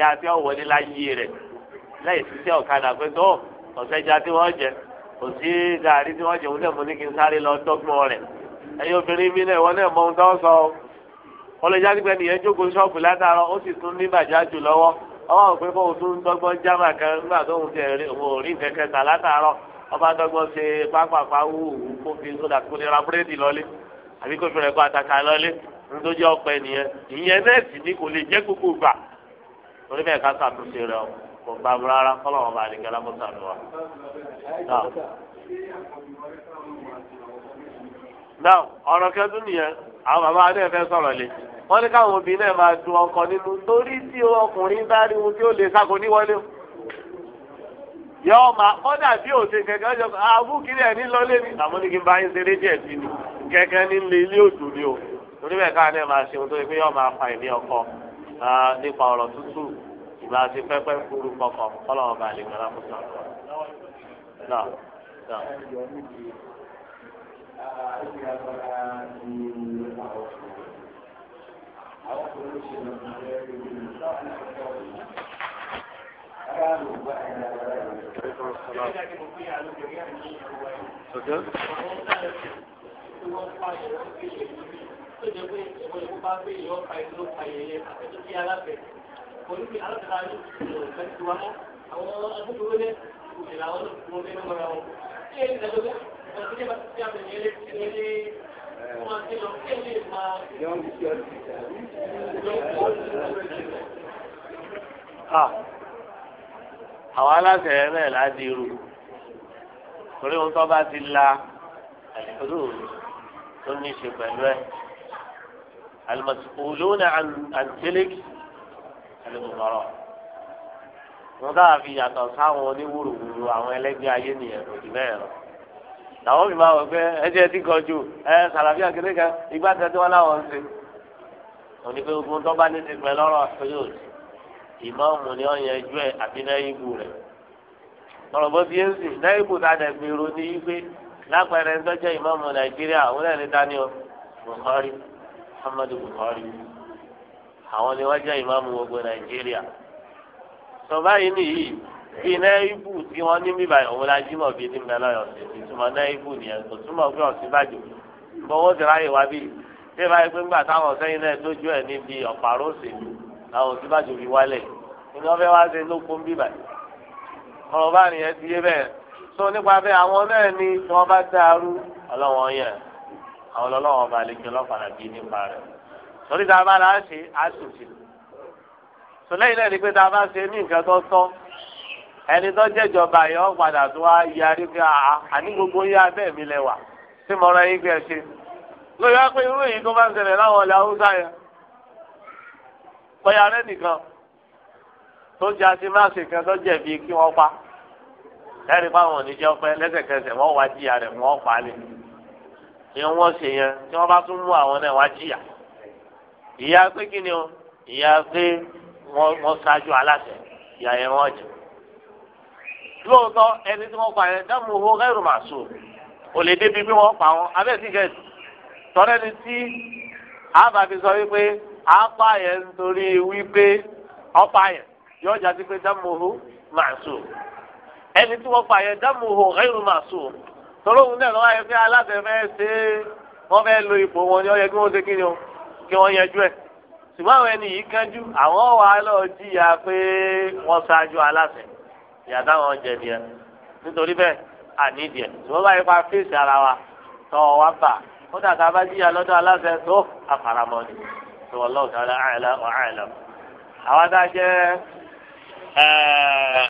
S2: ya tí ó wọlé láyé rẹ̀ lẹ́yìn sísẹ́ ọ̀kadà pé tó ọ̀sẹ̀já tí wọ́n jẹ kò sí gàrí tí wọ́n jẹ òun náà mo ní kí n sáré lọ dọ́gbọ́n rẹ̀ ẹ̀yin obìnrin mi náà ìwọ náà mọ ohun tó ń sọ ọ lọ jáde nìyẹn jókòó ṣọ́ọ̀bù ọwọ́ òpin kó o tún dọ́gbọ́n jábà kan nígbà tó ń tẹ̀rí òun ò rí látàárọ̀ ọba dọ́gbọ́n ṣe pápápá kó fi sódà kó nira búrẹ́dì àbí kó fi rẹ̀ kó nítorí nìyẹn ìyẹn ni kò lè jẹ́ gbogbo gbà torí bẹ́ẹ̀ ká sàtúnṣe kò rárá nìkan wa. náà ọ̀rọ̀ nìyẹn wọ́n ní káwọn obìnrin náà máa dun ọkọ nínú torí tí ọkùnrin bá rí ohun tí ó lè sáko níwọlé o yọọ ma kọ́dà bí òde kẹ̀kẹ́ ọjọ́ abúkiri ah, ẹ̀ nílọlé ni àmọ́ ní kí n bá yín ṣeré díẹ̀ sí ni kẹ̀kẹ́ nílé ilé òdò ni o torí bẹ́ẹ̀ káwọn náà máa ṣe ohun tó yẹ pé yọọ máa fa ìní ọkọ ah, nípa ọ̀rọ̀ tútù ìgbà àti pẹ́pẹ́ kúrú kọkọ kọ́lọ́wọ́ bá lè gbọ́dá fún sọ̀rọ̀
S3: náà náà
S1: àwọn olóṣèlú náà ń bẹ̀rẹ̀ lórí ìṣàkóso ìṣàkóso. Okay. Àwọn agbófinró lé ìlànà ọdún tó ń bẹ ní ọmọ rẹ̀ wọn. Ṣé ìdàgbàsókè ọ̀sẹ̀
S3: tí a bẹ̀rẹ̀ ní ẹlẹ́sìn ní àwọn
S2: aláṣẹ rẹ̀ láti irú torí ohun tó bá ti la àlùfáà tó ní í ṣe pẹ̀lú ẹ̀ al-mas'uluna àǹtẹ́lẹ́kì àlùmọ̀rọ̀ wọn dáa fi yàtọ̀ sáwọn oníwòròwòrò àwọn ẹlẹ́gbẹ́ ayé nìyẹn òdì bẹ́ẹ̀ lọ. làwọn mi máa wọ pé ẹjẹ ti kọ ju ẹ sàlàbí àgẹrẹ kan na tẹtí wọn làwọn ń ṣe òní pé ogun tó bá ní ti pẹ lọrọ ìmọ̀ọ́mù ni wọ́n yẹn ẹ àbí náírà rẹ̀ lọ́rọ̀ bó ti yé sí náírà ta dẹ̀ gbèrò ní wípé lápẹẹrẹ ń tọ́jú ìmọ̀ọ́mù nàìjíríà òun náà ní dání Buhari Muhammadu Buhari àwọn ni wọ́n jẹ́ ìmọ̀ọ́mù gbogbo nàìjíríà sọ báyìí nìyí. ti nẹ́ẹ̀bù tí wọ́n ní bíbá ìhòòhò la jí mọ̀ bíi ní mẹ́lọ́ ọ̀sẹ̀ ti túmọ̀ nẹ́ẹ̀bù nìyẹn kò túmọ̀ pé ọ̀sìn bàjẹ́ gbọ́wọ́ ti ráyè wá bí ṣé báyìí pé ńgbà táwọn sẹ́yìn náà dójú ẹ̀ níbi ọ̀pàrọ̀ òṣèlú làwọn òsín bàjẹ́ fi wálẹ̀ ni fẹ́ wá ṣe lókun bíbá ọ̀rọ̀ bá nìyẹn ti yé bẹ́ẹ̀ sọ nípa bẹ́ẹ̀ àwọn náà ni tí wọ́n bá dàrú ọlọ́wọ́n yẹn àwọn ọlọ́wọ́n ẹni tó jẹjọba yẹn wọn padà tó wá yarí pé àní gbogbo yá bẹ́ẹ̀ mi lẹ́wà tí mo rán yín pé ẹ ṣe lórí wá pé irú èyí tó bá ń ṣẹlẹ̀ láwọn ọ̀lẹ́ haúsá yẹn bóyá rẹ nìkan tó jẹ aṣemáṣe kan tó jẹ̀bi kí wọ́n pa lẹ́rìí fáwọn oníjẹ́ ọpẹ́ lẹ́sẹ̀kẹsẹ̀ wọ́n wá jìyà rẹ̀ wọ́n pa á lé ìyẹn wọ́n ṣe yẹn tí wọ́n bá tún mú àwọn náà wá jìyà ìyá pé kí ni o ìyá pé wọ́n ṣáájú aláṣẹ ìyá yẹn wọ́n jẹ́ lóòótọ́ ẹni tí wọ́n pa yẹn dáàmú owó gẹ́rù màṣù ò lè débi bí wọ́n pa wọn abẹ́ ti gẹ̀ tọ́lẹ́ ni tí àbá fi sọ wípé apá yẹn nítorí wípé ọ̀pá yẹn yóò jáde pé dáàmú owó màṣù ẹni tí wọ́n pa yẹn dáàmú owó gẹ́rù màṣù tọ́lọ́hún náà lọ́wọ́ ayé pé aláṣẹ fẹ́ ṣe é wọ́n fẹ́ lo ipò wọn ni ó yẹ kí wọ́n ṣe kí ni o kí wọ́n yanjú ẹ̀ ṣùgbọ́n àwọn ẹni yìí kánjú àwọn wà á jìyà pé wọ́n ṣáájú aláṣẹ ìyá táwọn oúnjẹ nìyẹn nítorí bẹ́ẹ̀ àníìdìẹ ṣùgbọ́n báyìí pa fèsì ara wa tọ́ ọ wá bà ó dàgbà bá jíyà lọ́dọ̀ aláṣẹ tó àfàràmọ́ ni
S3: ṣùgbọ́n lọ́wọ́ sọ àwọn tá a